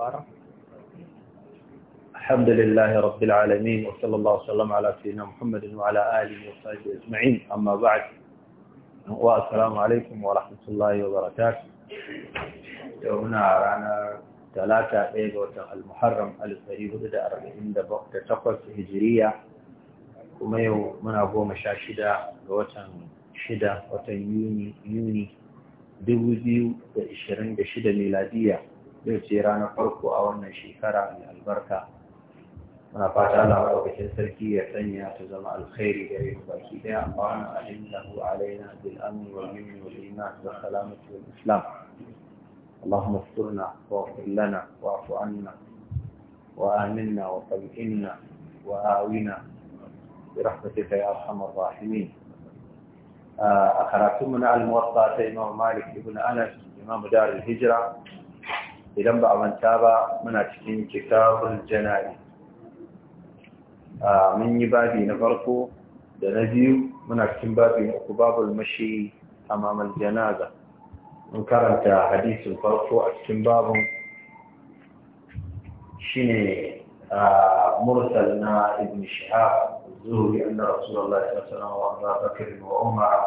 الكفارة الحمد لله رب العالمين وصلى الله وسلم على سيدنا محمد وعلى آله وصحبه أجمعين أما بعد والسلام عليكم ورحمة الله وبركاته هنا عرانا ثلاثة إيجوة المحرم الفريق دا أربعين دا تقوص هجرية kuma yau muna goma sha shida ga watan shida دو yuni yuni dubu biyu da ishirin yau ce ranar farko a wannan shekara mai albarka muna fata Allah madaukakin sarki ya sanya ta zama alkhairi da yin baki daya amma da alimnahu alaina bil amni wa mini wal iman da salamatu wal islam اللهم استرنا واغفر لنا واعف عنا وآمنا وطمئنا وآونا برحمتك يا أرحم الراحمين أخراتمنا الموطأ إمام مالك بن أنس إمام دار الهجرة idan ba a manta ba muna cikin kitabul jana'i mun yi babi na farko da na biyu muna cikin babi na uku babul mashi amamal janaza mun karanta hadisin farko a cikin babin shine mursal na ibn shihab zuhri anna rasulullahi sallallahu alaihi wasallam wa abubakar wa umar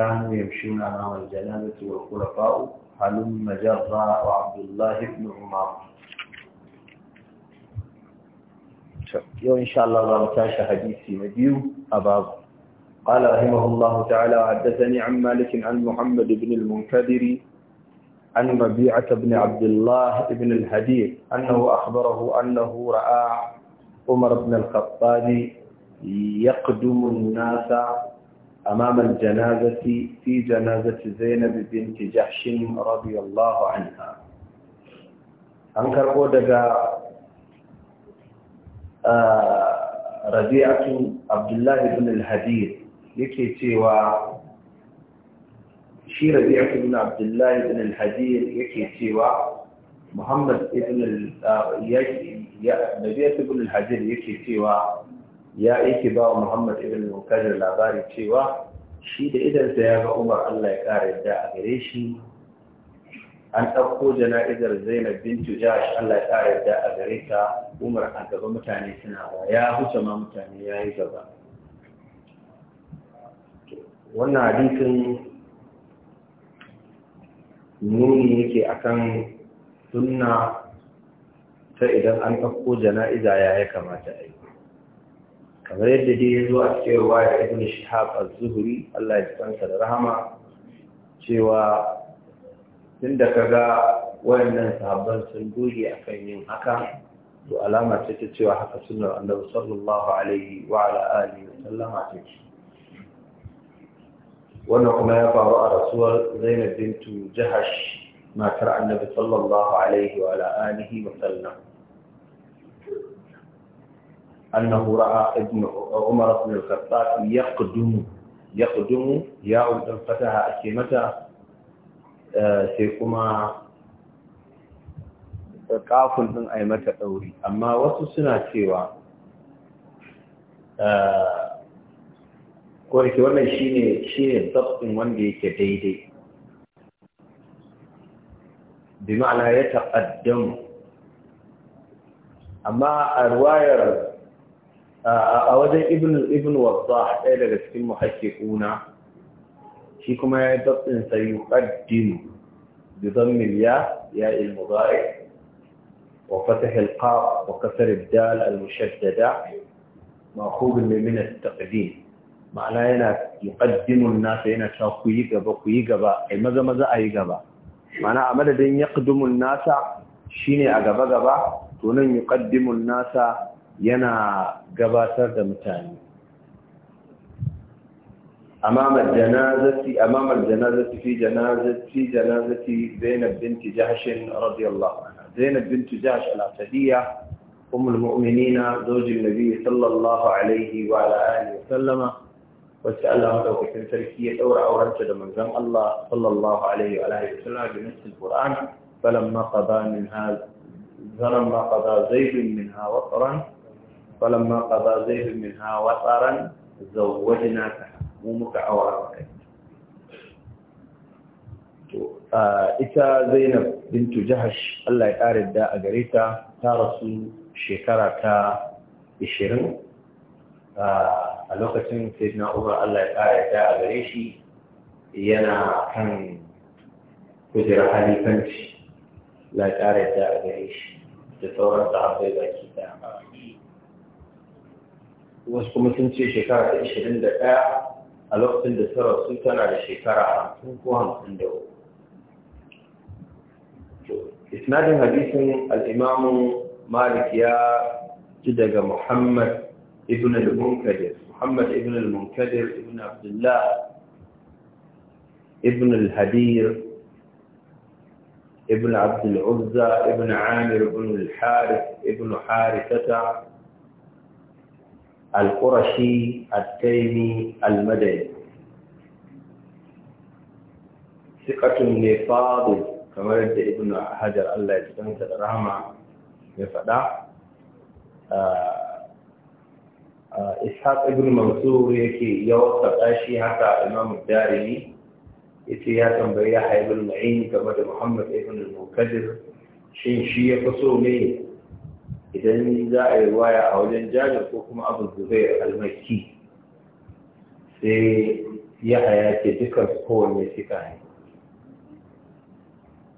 كانوا يمشون أمام الجنازة والخلفاء هلم جرى وعبد الله بن عمر يو إن شاء الله الله تعالى حديثي نبيو أباب قال رحمه الله تعالى حدثني عن مالك عن محمد بن المنكدر عن ربيعة بن عبد الله بن الحديث أنه أخبره أنه رأى عمر بن الخطاب يقدم الناس أمام الجنازة في جنازة زينب بنت جحش رضي الله عنها أنكر قودك ربيعة عبد الله بن الحديد yake cewa shi rabi'atu ibn abdullah ibn al-hadir cewa muhammad ibn al-yaki ya rabi'atu yake cewa ya aiki ba wa Muhammad ibn Munkadir labari cewa shi da idansa ya ga Umar Allah ya ƙara yadda a gare shi an ɗauko jana'izar Zainab bintu Jash Allah ya ƙara yadda a gare ta Umar a gaba mutane suna wa ya huce ma mutane ya yi gaba wannan hadisin nuni yake akan sunna ta idan an ɗauko jana'iza ya ya kamata a yi kamar yadda dai ya zo a cewa ya ibn shihab az-zuhri Allah ya tsansa da rahama cewa tun kaga wayannan sahabban sun doge akan yin haka to alama ce ta cewa haka sunnar annabi sallallahu alaihi wa ala alihi wa sallama take wannan kuma ya faru a rasuwar Zainab bintu Jahash matar annabi sallallahu alaihi wa ala alihi wa sallam أنه رأى ابن عمر بن الخطاب يقدم يقدم يا أبن فتح أكيمة سيكما kafin ɗin a yi mata ɗauri amma wasu suna cewa ko yake shine shi ne shi ne wanda yake daidai bi ma'ana ya taƙaddamu amma a ruwayar a wajen ibn ibn wadda ɗaya daga cikin muhakkikuna shi kuma ya dabtin sa yuqaddim bi dhammi ya ya al wa fath al wa al dal al mushaddada ma'khud min al ma'ana yana yuqaddimu an yana ta, ku yi gaba ku yi gaba ai maza maza ayi gaba ma'ana a madadin yaqdimu an-nasa shine a gaba gaba to nan nasa yana gabatar da mutane أمام الجنازة أمام الجنازة في جنازة في جنازة زينب بنت جحش رضي الله عنها زينب بنت جحش الأسدية أم المؤمنين زوج النبي صلى الله عليه وعلى آله وسلم وسأل الله وكثير تركية أو أورا من زم الله صلى الله عليه وعلى آله وسلم بنفس القرآن فلما قضى منها فلما قضى زيد منها وطرا falamma qada zaid minha wa taran zawwajnaka mu muka aura maka to ita Zainab bintu Jahash Allah ya kare da a gare ta ta rasu shekara ta 20 a lokacin Sayyidina Umar Allah ya kare da a gare shi yana kan kujerar halifanci la kare da a gare shi da sauran sahabbai baki da wasu kuma sun ce shekara ta ishirin da ɗaya a lokacin da ta rasu tana da shekara hamsin ko hamsin da uku isnadin hadisin al'imamun malik ya ji daga muhammad ibn al-munkadir muhammad ibn al-munkadir ibn abdullah ibn al-hadir ابن عبد العزة ابن عامر بن الحارث ابن حارثة القرشي التيمي المدني ثقة نفاض كما يرد ابن حجر الله يتكلم رحمة يفدا إسحاق ابن منصور يكي يوصف أشي حتى إمام الدارمي يكي ياتم بيحيى بن معين كما محمد ابن المنكدر شين شي يقصو ليه idan za a yi waya a wajen jajar ko kuma abu a almaki sai ya haya ce dukkan su kowanne suka ne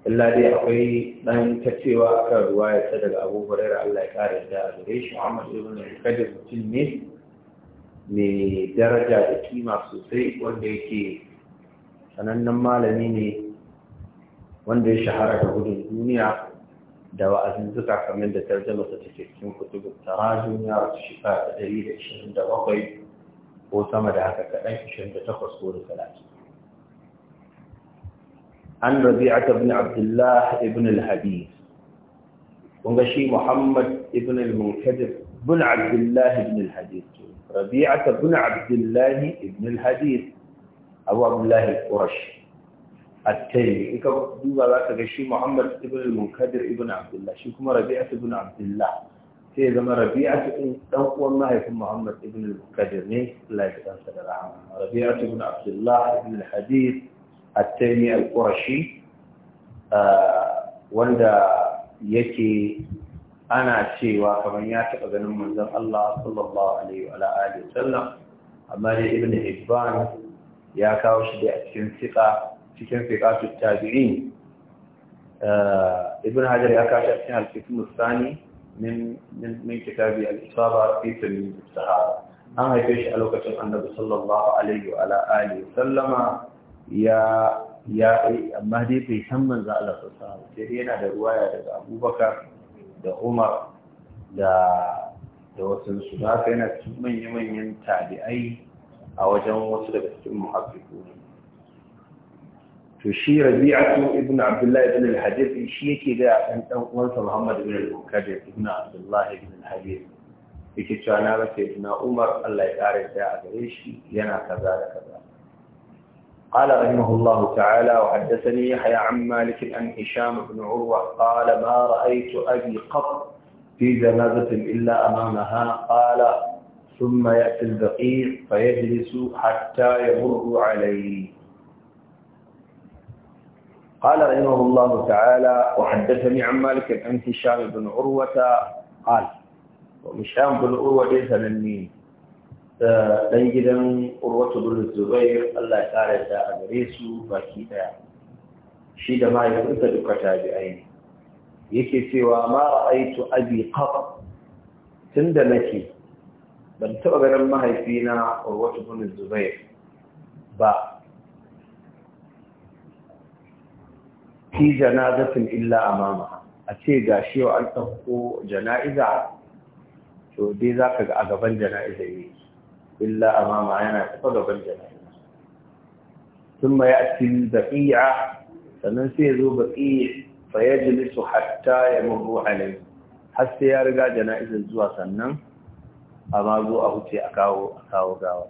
illa dai akwai ɗan ta cewa akan ruwaya ta daga abubuwar hurairar allah ya ƙara da a shi ahmad ibn al mutum ne mai daraja da kima sosai wanda yake sanannen malami ne wanda ya shahara da gudun duniya da wa'azuzzuka kamar da tarjama ta take cikin kutubu tarajun ya rasu shekara da ɗari da ishirin da bakwai ko sama da haka kaɗan ishirin da takwas ko da talatin. An Rabi'a ta bin Abdullah ibn al-Habib. Kun ga shi Muhammad ibn al-Munkadir bin Abdullah ibn al-Hadith. Rabi'a ta bin Abdullah ibn al-Hadith Abu Abdullah al-Qurashi. at-taymi in ka duba za ka ga shi Muhammad ibn al-Munkadir ibn Abdullah shi kuma Rabi'at ibn Abdullah sai zama Rabi'at din dan uwan mahaifin Muhammad ibn al-Munkadir ne Allah ya kansa da rahama Rabi'at ibn Abdullah ibn al-Hadith at-taymi al-Qurashi wanda yake ana cewa kamar ya taɓa ganin manzon Allah sallallahu alaihi wa alihi sallam amma dai ibn Hibban ya kawo shi da cikin siqa cikin fiqatu tabi'in eh, ibn hajar ya kashi a cikin al-fiqhu sani min min kitabi al-isaba fi tamyiz as-sahaba an haife shi a lokacin annabi sallallahu alaihi wa ala sallama ya ya amma dai bai san manzo Allah sallallahu alaihi sai yana da ruwaya daga Abubakar da Umar da da wasu su da yana cikin manya manyan tabi'ai a wajen wasu daga cikin muhaddisu to shi rabi'atu ibn abdullahi ibn al-hadith shi yake ga dan dan uwansa muhammad ibn al-mukaddis ibn abdullahi ibn al-hadith yake cewa na ga na umar Allah ya kare da a gare shi yana kaza da kaza قال رحمه الله تعالى وحدثني يحيى عن مالك عن هشام بن عروة قال ما رأيت أبي قط في جنازة إلا أمامها قال ثم يأتي البقيع فيجلس حتى يمر عليه قال رحمه الله تعالى وحدثني عن مالك عن هشام بن عروة قال وهشام بن عروة ليس للنين dan gidan urwatu bin zubair Allah ya kare da a gare su baki ɗaya. shi da mahaifinsa duka tabi'ai ne yake cewa ma ra'aitu abi qab tunda nake ban taɓa ganin mahaifina urwatu bin zubair ba fi janazatin illa amama a ce ga wa an ɗauko jana'iza to dai za ka ga a gaban jana'iza ne illa amama yana tafa gaban jana'iza sun ma ya ci baƙi'a sannan sai zo baƙi fa ya jilisu hatta ya mahu alai har sai ya riga jana'izar zuwa sannan a ma zo a huce a kawo gawa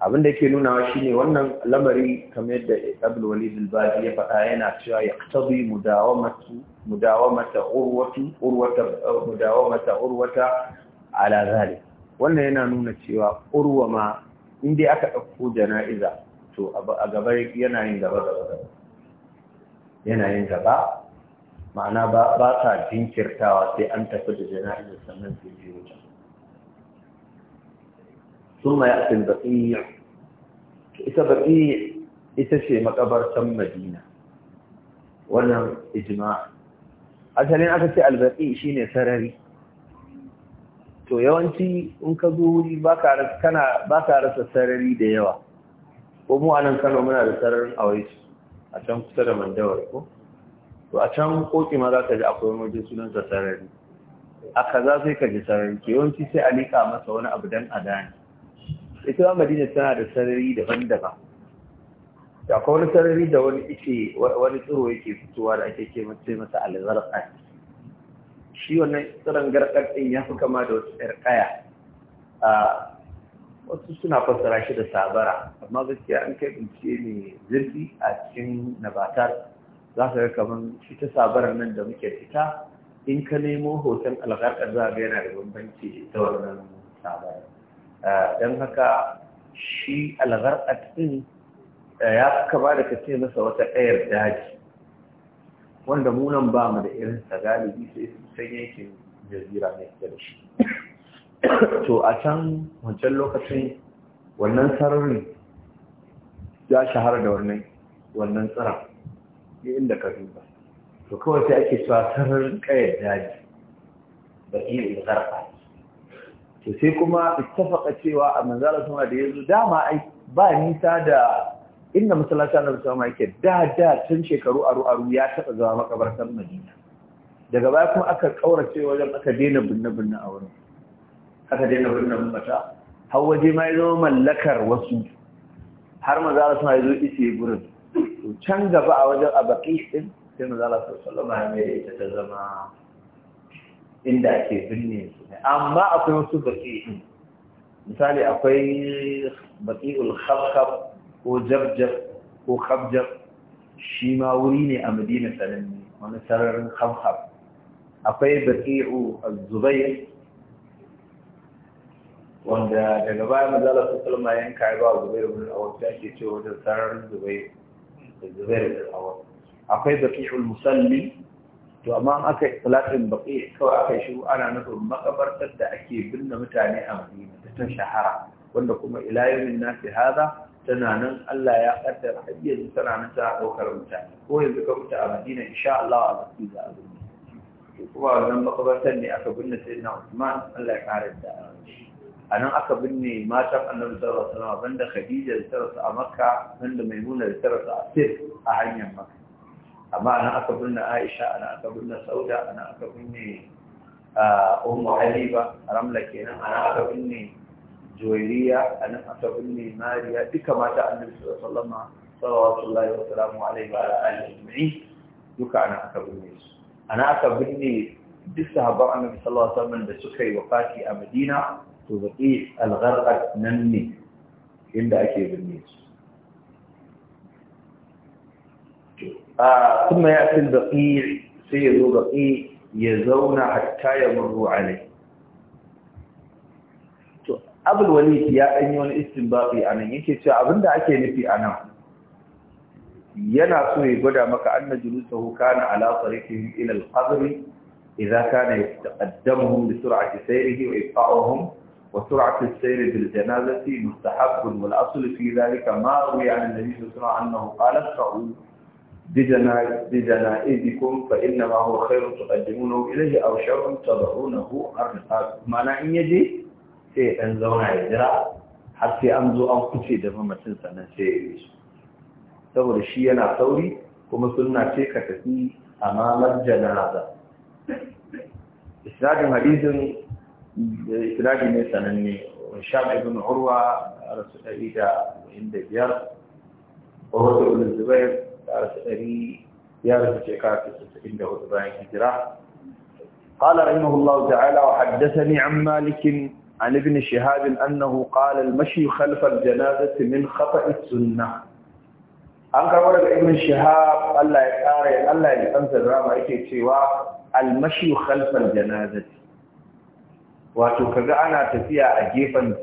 abin da ke nunawa shine wannan lamari kamar yadda Abdul Walid al ya faɗa yana cewa ya mudawamatu mudawamata urwatu urwata mudawamata urwata wannan yana nuna cewa urwa ma inda aka ɗauko jana'iza to a gaba yana yin gaba gaba yana yin gaba ma'ana ba sa jinkirtawa sai an tafi da jana'iza sannan sai biyo ثم يأتي البقيع ita baƙi ita ce makabartan madina wannan ijma asalin aka ce albaƙi shine sarari to yawanci in ka zo wuri baka rasa sarari da yawa ko mu anan kano muna da sararin awaisu a can kusa da mandawar ko to a can koki ma za ka ji akwai wajen sunansa sarari a kaza sai ka ji sarari yawanci sai a liƙa masa wani abu dan don adani ita ma madina tana da sarari daban-daban da akwai wani sarari da wani ike wani tsiro yake fitowa da ake ce mace masa alzarƙa shi wannan tsiron garkar ɗin ya fi kama da wasu kaya a wasu suna fassara shi da sabara amma gaskiya an kai bincike mai zirfi a cikin nabatar za ka ga kamar ta sabarar nan da muke ita in ka nemo hoton algarkar za ga yana da bambanci da wannan sabarar Eh, don haka shi algar'at ɗin eh, ya suka ba da kace masa wata ɗayar daji wanda munan ba mu da irin sa galibi sai sanya yankin jazira ne da shi to a can wancan lokacin wannan sararin ya shahara da wannan wannan tsara ne inda ka duba to kawai sai ake cewa sararin ƙayar daji da iya zarfa to sai kuma ittafaka cewa a manzala sama da yanzu dama ai ba nisa da inda na annabi sama yake da da tun shekaru aru aru ya taɓa zama makabartar madina daga baya kuma aka ƙaurace wajen aka daina binne binne a wurin aka daina binne mata har waje ma ya zama mallakar wasu har manzala sama ya zo yi gurin to can gaba a wajen abaqis din sai manzala sallallahu alaihi wasallam ya ta zama inda ake binne su amma akwai wasu baki misali akwai baƙi'ul habhab ko jabjab ko khabjab shi ma wuri ne a madina sananne wani sararin khabkhab akwai baƙi'u zubair wanda daga baya mazala su kalma yanka ya ba zubair wani awar ta ke ce wajen sararin zubair da zubair da akwai baƙi'ul musalli to amma aka yi talatin baƙi kawai aka yi shiru ana nufin makabartar da ake binne mutane a madina ta ta shahara wanda kuma ilayoyin fi haza tana nan Allah ya kaddar har yanzu tana nan tana ɗaukar mutane ko yanzu ka mutu a madina insha Allah a zafi za a binne kuma wannan makabartar ne aka binne sai na Usman Allah ya ƙara da a nan aka binne matan annabi sallallahu alaihi wasallam banda Khadija da tarasa a Makka banda Maimuna da tarasa a Sir a hanyar Makka amma ana aka binne aisha ana aka binne sauda ana aka binne ummu haliba ramla kenan ana aka binne juwairiya ana aka binne mariya duka mata annabi sallallahu alaihi wa salamu alaihi wa alihi ajma'in duka ana aka binne su ana aka binne duk sahabban annabi sallallahu alaihi wa da suka yi wafati a madina to baqi al nan ne inda ake binne su ثم يأتي البقيع سيد بقيع يزون حتى يمر عليه abul walid ya ɗanyi wani istinbaqi a nan yake cewa abinda ake nufi a nan yana so ya gwada maka anna julusahu kana ala tariqihim ila al-qabr idza kana yataqaddamuhum bi sur'ati sayrihi wa ifqa'uhum wa sur'ati as-sayr bil janazati mustahab wal asl fi dhalika ma ruwiya an an-nabi sallallahu alaihi wa annahu qala بجنائزكم فإنما هو خير تقدمونه إليه أو شر تضعونه أرقاكم معنى إن يجي سي أنزونا إجراء حتى أنزو أو كتي دفع ما تنسى نسي سوى الشيء أنا ثوري ومثلنا شيء كتفي أمام الجنازة إسراج مريض إسراج مثلا هشام ابن عروة رسول الله عند بيار وهو ابن الزبير قال رحمه الله تعالى وحدثني عن مالك عن ابن شهاب انه قال المشي خلف الجنازه من خطا السنه انكر ورد ابن شهاب الله يقار الله يقنص الرام يكي سوا المشي خلف الجنازه وتكذا انا تفيا اجيفا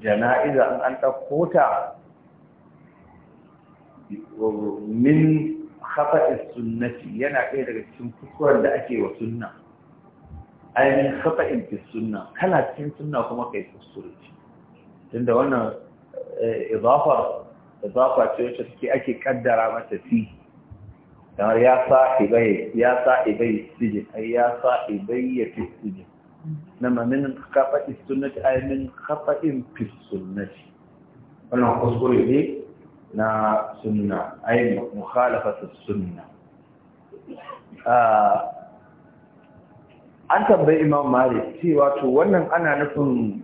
جنائز ان انت قوتا min khafa'is sunnati yana ɗaya daga cikin kuskuren da ake wa sunna ainihin khafa'in fi sunna kana cikin sunna kuma kai kuskure tunda wannan eh, idafar idafa ce wacce take ake kaddara mata fi kamar ya sahibai ya sahibai ai ya ya fi sijin nama min khafa'is sunnati ay min khafa'in fi sunnati wannan kuskure ne na sunna ai mukhalafatu sunna ah, an tambayi imam malik cewa to wannan ana nufin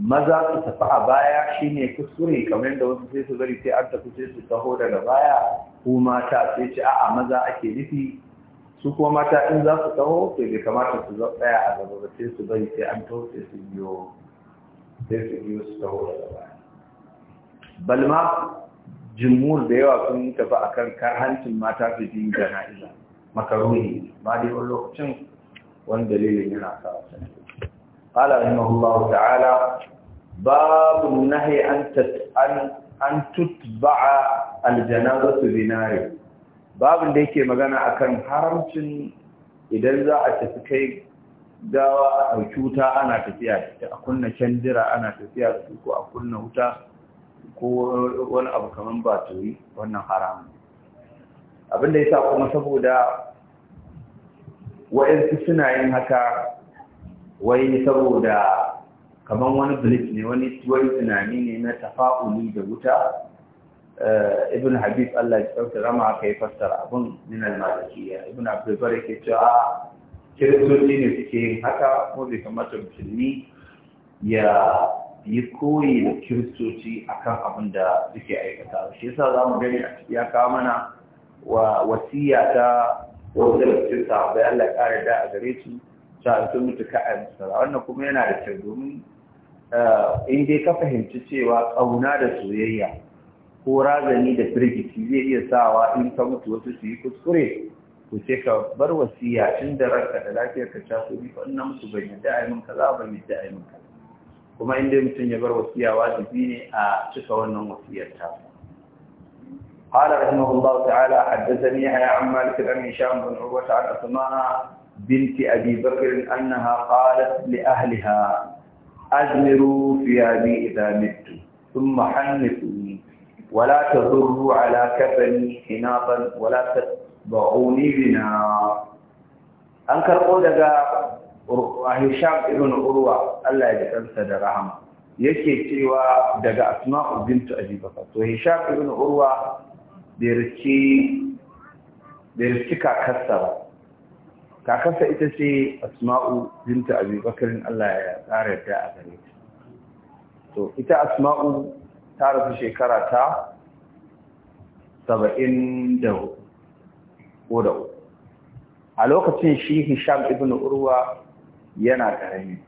maza su tafi a baya shine kuskure kamar yadda wasu sai su bari sai an tafi sai su taho daga baya ko mata sai ce a'a maza ake nufi su kuma mata in za su taho to bai kamata su tsaya a gaba ba sai su bari sai an taho sai su biyo sai su biyo su taho daga baya balma jimur da yawa sun tafi a kan karhancin mata su ji jana'iza makaruni Ba da yawan lokacin wani dalilin yana sa قال رحمه الله تعالى باب babu أن أن أن تتبع su بنار Babu da yake magana a kan haramcin idan za a tafi kai gawa a cuta ana tafiya a kunna candira ana tafiya da ko a kunna wuta ko wani abu kamar ba yi wannan haramun abinda ya sa kuma saboda wa'yansu suna yin haka wai saboda kamar wani bilis ne wani wani tunani ne na tafa'uli da wuta eh, ibn habib Allah ya tsauta rama aka yi fassara abin Nuna al ibn abdul yake cewa ah, kiristoci ne suke yin haka ko bai kamata musulmi ya yi koyi da kiristoci akan abin da suke aikata shi yasa za mu gani a ciki ya kawo mana wa wasiya ta wasu da cikin sahabbai Allah ya da a gare su ta sun mutu ka a wannan kuma yana da kyau domin eh, in dai ka fahimci cewa ƙauna da soyayya ko razani da firgici zai iya sawa in ka mutu wasu su yi kuskure ko sai ka bar wasiya tun da ranka da lafiyar ka ta so ni fa ina mutu ban yadda a yi min kaza bai yadda a yi min kaza kuma inda mutum ya bar wasiya wajibi ne a cika wannan wasiyar ta qala rahimahullahu ta'ala haddathani ya amma lakin an hisham bin urwa ta'ala sama binti abi bakr annaha qalat li ahliha ajmiru fi abi idha mittu thumma hannithuni ولا تضروا على كفني حناطا ولا تضعوني بنا أنكر قول لك Hisham ibn Urwa Allah ya kansa da rahama yake cewa daga Asma'u bintu Abi Bakr to Hisham ibn Urwa bai rici bai kakarsa ba kakarsa ita ce Asma'u bintu Abi Bakr Allah ya tsara ta a gare ta to ita Asma'u ta rasu shekara ta 74 da uku a lokacin shi Hisham ibn Urwa yana ƙarami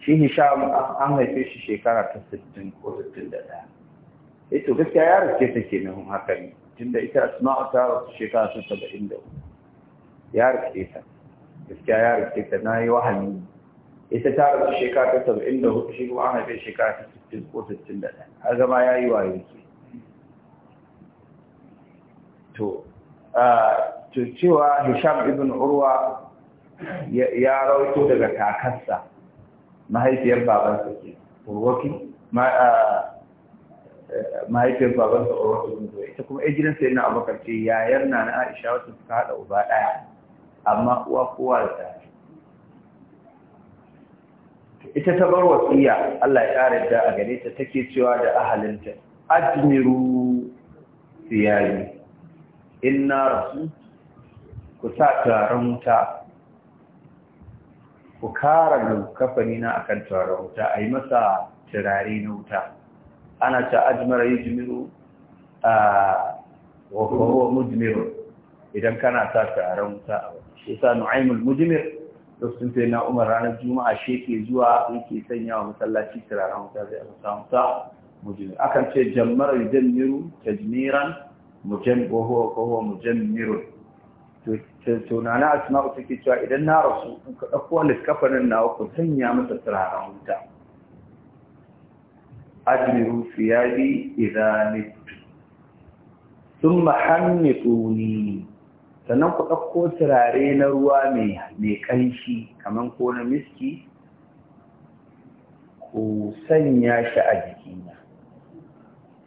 shi hisham an haife shi shekara ta 60 ko 61 ito eh gaskiya ya rike ta ke nan haka ne tunda ita asma'u ta rasu shekara ta 73 ya rike ta gaskiya ya rike ta na yi wahani ita ta rasu shekara ta 74 shi kuma an haife shekara ta 60 ko 61 har zama ya yi wayo ke to ah, cewa hisham ibn urwa ya rawaito daga kakarsa mahaifiyar babansa ke urwaki mahaifiyar babansa urwaki zuwa ita kuma ejirin sai na abokan ce yayar na na aisha wasu suka haɗa uba ɗaya amma uwa kowa da ta ita ta bar wasiya Allah ya ƙara da a gare ta take cewa da ahalinta ajmiru siyari inna rasu ku sa taron wuta ku kara kafani na akan turaren wuta a yi masa turare na wuta ana ta ajmara yi jimiru a wafawo mujmir idan kana sa turaren wuta a wani shi sa nu'aimul mujmir sun sai na umar ranar juma'a shi ke zuwa yake sanya wa masallaci turaren wuta zai aka samu wuta. mujmir akan ce jammara yujammiru tajmiran mujam wa huwa mujammirun Tunana asma'u take cewa idan na rasu in ka ɗauko liskafanin na ku sanya masa turaren wuta ajmiru fiyabi idza thumma hannituni sannan ku ɗauko turare na ruwa mai ƙanshi kamar ko na miski ku sanya shi a jikina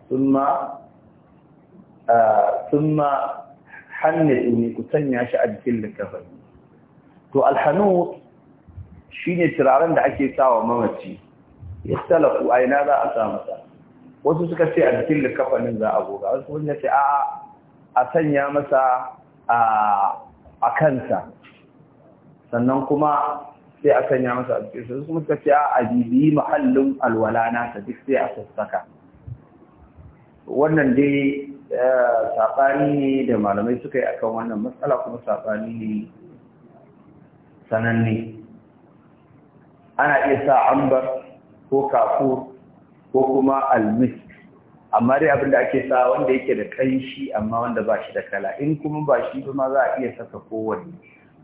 thumma ah, thumma hannu ne ku sanya shi a jikin likafani to shi ne turaren da ake sawa mamaci ya salafu a ina za a sa masa wasu suka ce a jikin likafanin za a goga wasu wanda ce a sanya masa a kansa sannan kuma sai a sanya masa a jikin su kuma suka ce a a bibiyi mahallin alwala nasa duk sai a sassaka wannan dai saɓani da malamai suka yi akan wannan matsala kuma saɓani ne sananne ana iya sa ambar ko kafur ko kuma almis amma dai abinda ake sa wanda yake da kanshi amma wanda ba shi da kala in kuma ba shi ba ma za a iya saka kowanne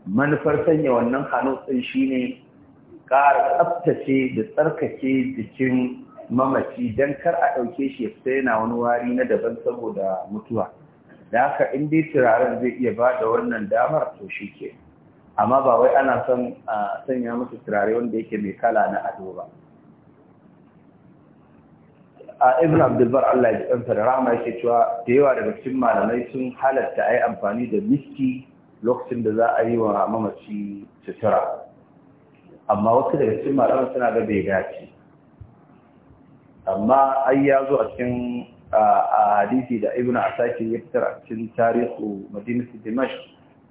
manufar sanya wannan hannu shi shine ƙara tsaftace da tsarkake jikin mamaci don kar a ɗauke shi fita yana wani wari na daban saboda mutuwa da haka in dai turaren zai iya ba da wannan damar to shi ke amma ba wai ana son a sanya musu turare wanda yake mai kala na ado ba a ibn abdulbar allah ya ɗansa da rahama yake cewa da yawa daga cikin malamai sun halatta a yi amfani da miski lokacin da za a yi wa mamaci sutura amma wasu daga cikin malamai suna ga bai dace amma ai ya zo a cikin a hadisi da ibn asakir ya fitar a cikin tarihu madinatu dimash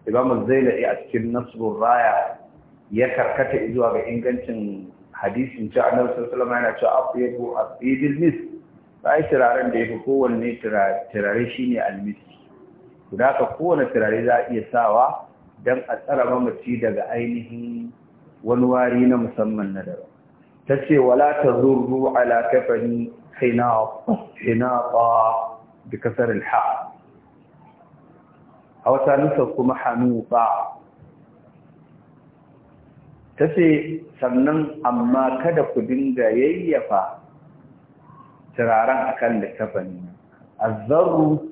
imam az a cikin nasbur raya ya karkata zuwa ga ingancin hadisin cewa annabi sallallahu alaihi yana cewa afiyabu afidil mis sai turaren da yake kowanne turare shine almis guda ka kowanne turare za a iya sawa dan a tsara mamaci daga ainihin wani wari na musamman na daba. ta ce wala ta zurru ala kafani ba da kasar alha a wata nufa kuma hannu ba" ta ce sannan amma kada ku dinga yayyafa turaren akan da zarru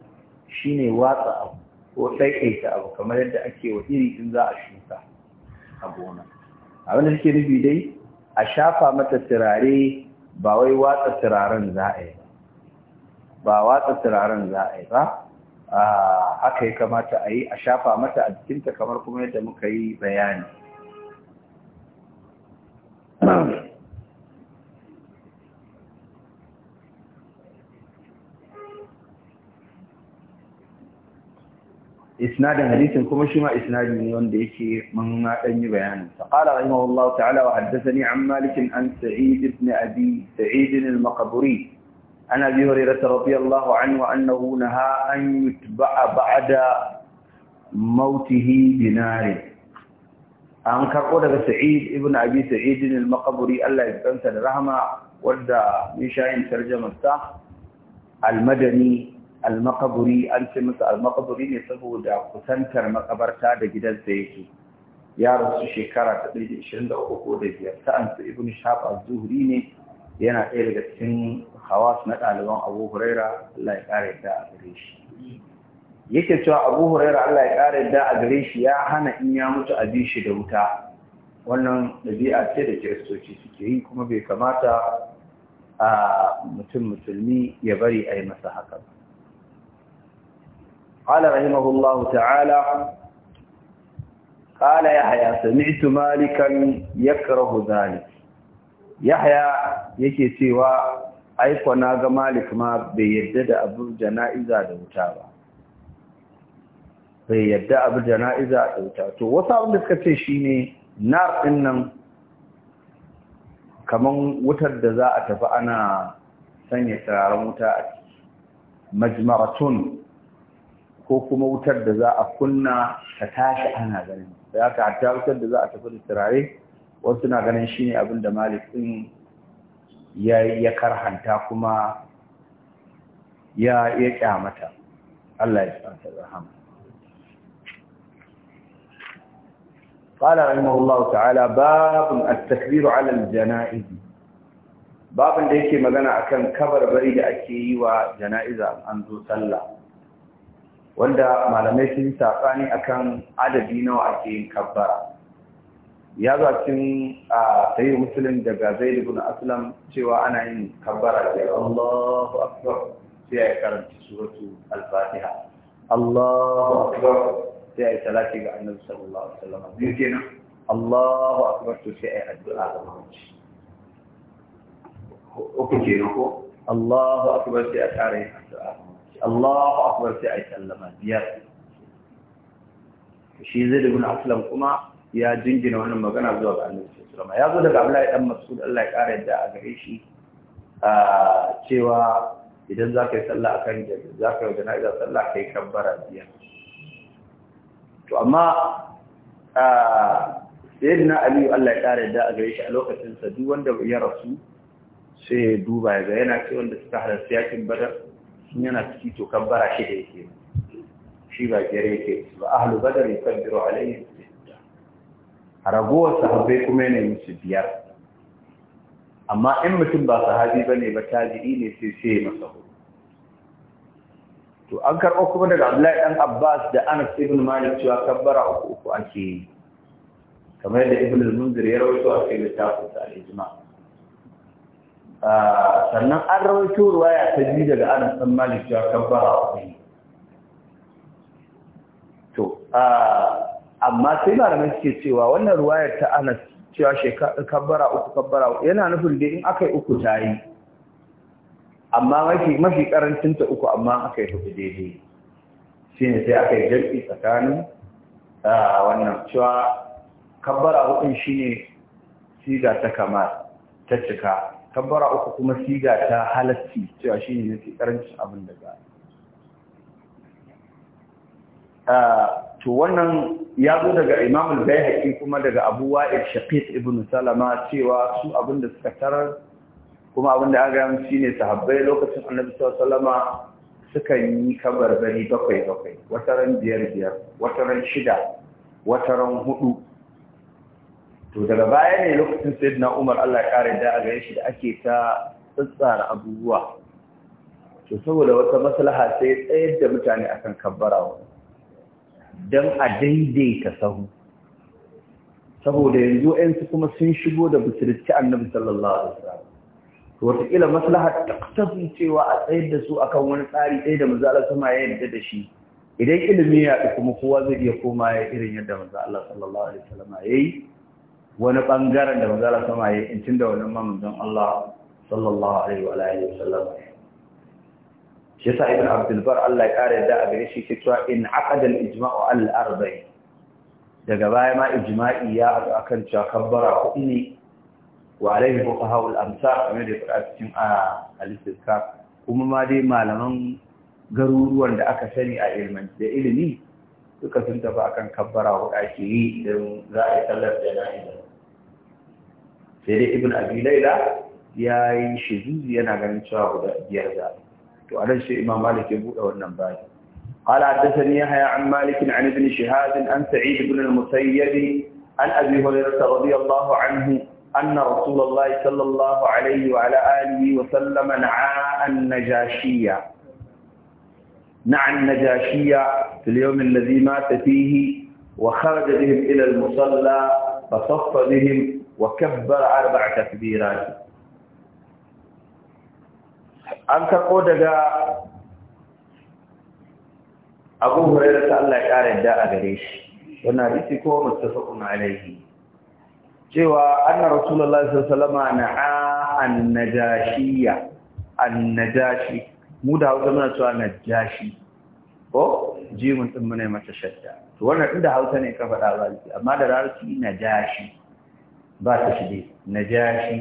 shi ne watsa abu ko ɗaiɗaita abu kamar yadda ake wa iri in za a shuka a gona abin da suke nufi dai a shafa mata turare ba wai watsa turaren za a yi ba watsa turaren za a yi ba ah, haka ya kamata a yi a shafa mata a jikinta kamar kuma yadda muka yi bayani isnadin hadisin kuma shi ma isnadi ne wanda yake mun ma dan yi bayani fa qala rahimahullahu ta'ala wa haddathani an malik an sa'id ibn abi sa'id al-maqburi an abi hurairah radiyallahu anhu annahu naha an yutba'a ba'da mautihi dinari an karbo daga sa'id ibn abi sa'id al Allah ya tsanta da rahama wanda min shayin tarjumar sa al-madani almakaburi an ce masa almakaburi ne saboda kusantar makabarta da gidansa yake ya rasu shekara ta ɗaya ishirin da uku da biyar amsa ibn zuhri ne yana ɗaya daga cikin hawas na ɗaliban abu huraira allah ya ƙara yadda a gare shi yake cewa abu huraira allah ya ƙara yadda a gare shi ya hana in ya mutu a bi shi da wuta wannan ɗabi'a ce da kiristoci suke yi kuma bai kamata a mutum musulmi ya bari a yi masa haka ba قال رحمه الله تعالى قال يحيى سمعت مالكا يكره ذلك يحيى yake cewa aiko na ga malik ma bai yadda da abu jana'iza da wuta ba bai yadda abu jana'iza da wuta to wasu abin da suka ce shine nar din nan kaman wutar da za a tafi ana sanya turaren wuta a ciki majmaratun ko kuma wutar da za a kunna ta tashi ana ganin da haka ta wutar da za a tafi da turare wasu na ganin shine abin da malik din ya karhanta kuma ya ya kyamata Allah ya tsanta rahama قال رحمه الله تعالى باب التكبير على الجنائز باب da yake magana akan kabar bari da ake yi wa janaiza an zo sallah wanda malamai sun saɓani akan adadi nawa ake yin kabbara ya zo cikin a sayi musulun daga zai ibn aslam cewa ana yin kabbara da Allahu akbar sai ya karanta suratu al-fatiha Allahu akbar sai ya salati ga annabi sallallahu alaihi wasallam kenan Allahu akbar to sai ya addu'a ga mahaji uku kenan ko Allahu akbar sai ya kare addu'a Allahu akbar sai a yi sallama biyar shi zai da guna aslan kuma ya jingina wannan magana zuwa ga annabi sallama ya zo daga Abdullahi dan Mas'ud Allah ya kare da a gare shi cewa idan za ka yi sallah akan jami'a za ka yi sallah kai kabbara biyar to amma sayyidina aliyu Allah ya kare da a gare shi a lokacinsa duk wanda ya rasu sai ya duba ya ga yana ce wanda suka halarci yakin badar yana ciki to bara shi da yake shi ba gare yake ba ahlu badar yukabbiru alayhi ragowar sahabbai kuma yana musu biyar amma in mutum ba sahabi bane ba tabi'i ne sai sai masa to an karɓo kuma daga Abdullahi dan Abbas da Anas ibn Malik cewa kabbara uku uku ake kamar da Ibn al-Munzir ya rawaito a cikin littafin sa al-Ijma' Ah, sannan an rawaito ruwaya ta biyu daga ana san malik cewa kabbara uku ne to ah, amma sai malamai suke cewa wannan ruwayar ta ana cewa shekara uku kambara uku yana nufin da in aka yi uku ta yi amma mafi mafi karancin ta uku amma aka yi hudu daidai ne sai aka yi jarki tsakanin ah, wannan cewa kabbara shi ne siga ta kamar ta cika kabbara uku kuma siga ta halatti cewa shi ne yake karancin abin da za ah, to wannan ya zo daga imam al-bayhaqi kuma daga abu wa'id shaqiq ibn salama cewa su abin da suka tarar kuma abin da aka yi shine sahabbai lokacin annabi sallallahu alaihi wasallama suka yi kabarbari bakwai bakwai wataran biyar biyar wataran shida wataran hudu to daga baya ne lokacin sayyidina Umar Allah ya kare da a gare shi da ake ta tsatsara abubuwa to saboda wata maslaha sai tsayar da mutane akan kabbarawa don a daidaita sahu saboda yanzu su kuma sun shigo da bisirci annabi sallallahu alaihi wasallam to wataƙila maslaha ta cewa a tsayar da su akan wani tsari ɗaya da manzo Allah sama ya yarda da shi idan ilimi ya kuma kowa zai iya koma irin yadda manzo Allah sallallahu alaihi wasallam yayi wani bangaren da manzala sama ya yi tun da wani manzon Allah sallallahu alaihi wa Alaihi wa sallam shi sa ibn abdul bar Allah ya kare da a shi ke cewa in aqada al ijma'u al arba'in daga baya ma ijma'i ya haɗu a kan cewa kabbara kuɗi ne wa alaihi ko kahawul amsa game da faɗa cikin a alistiska kuma ma dai malaman garuruwan da aka sani a ilmin da ilimi suka sun tafi kan kabbara kuɗa ke yi don za a yi da jana'iza sai dai ibn abi laila ya yi shizuzi yana ganin cewa guda biyar da to a nan imam malik ya wannan bayi قال حدثني يحيى عن مالك عن ابن شهاب عن سعيد بن المسيب عن ابي هريره رضي الله عنه ان رسول الله صلى الله عليه وعلى اله وسلم نعى النجاشيه نعى النجاشيه في اليوم الذي مات فيه وخرج بهم الى المصلى فصف بهم وكبر أربع تكبيرات an karɓo daga abu الله ta Allah ya ƙara yadda a gare shi wannan hadisi ko mustafa'un الله cewa anna rasulullah sallallahu alaihi na'a annajashiya annajashi mu da hausa muna najashi ko jimin din muna mata shadda to wannan inda hausa ne ka faɗa zalisi amma da rarci najashi ba ta shige najashi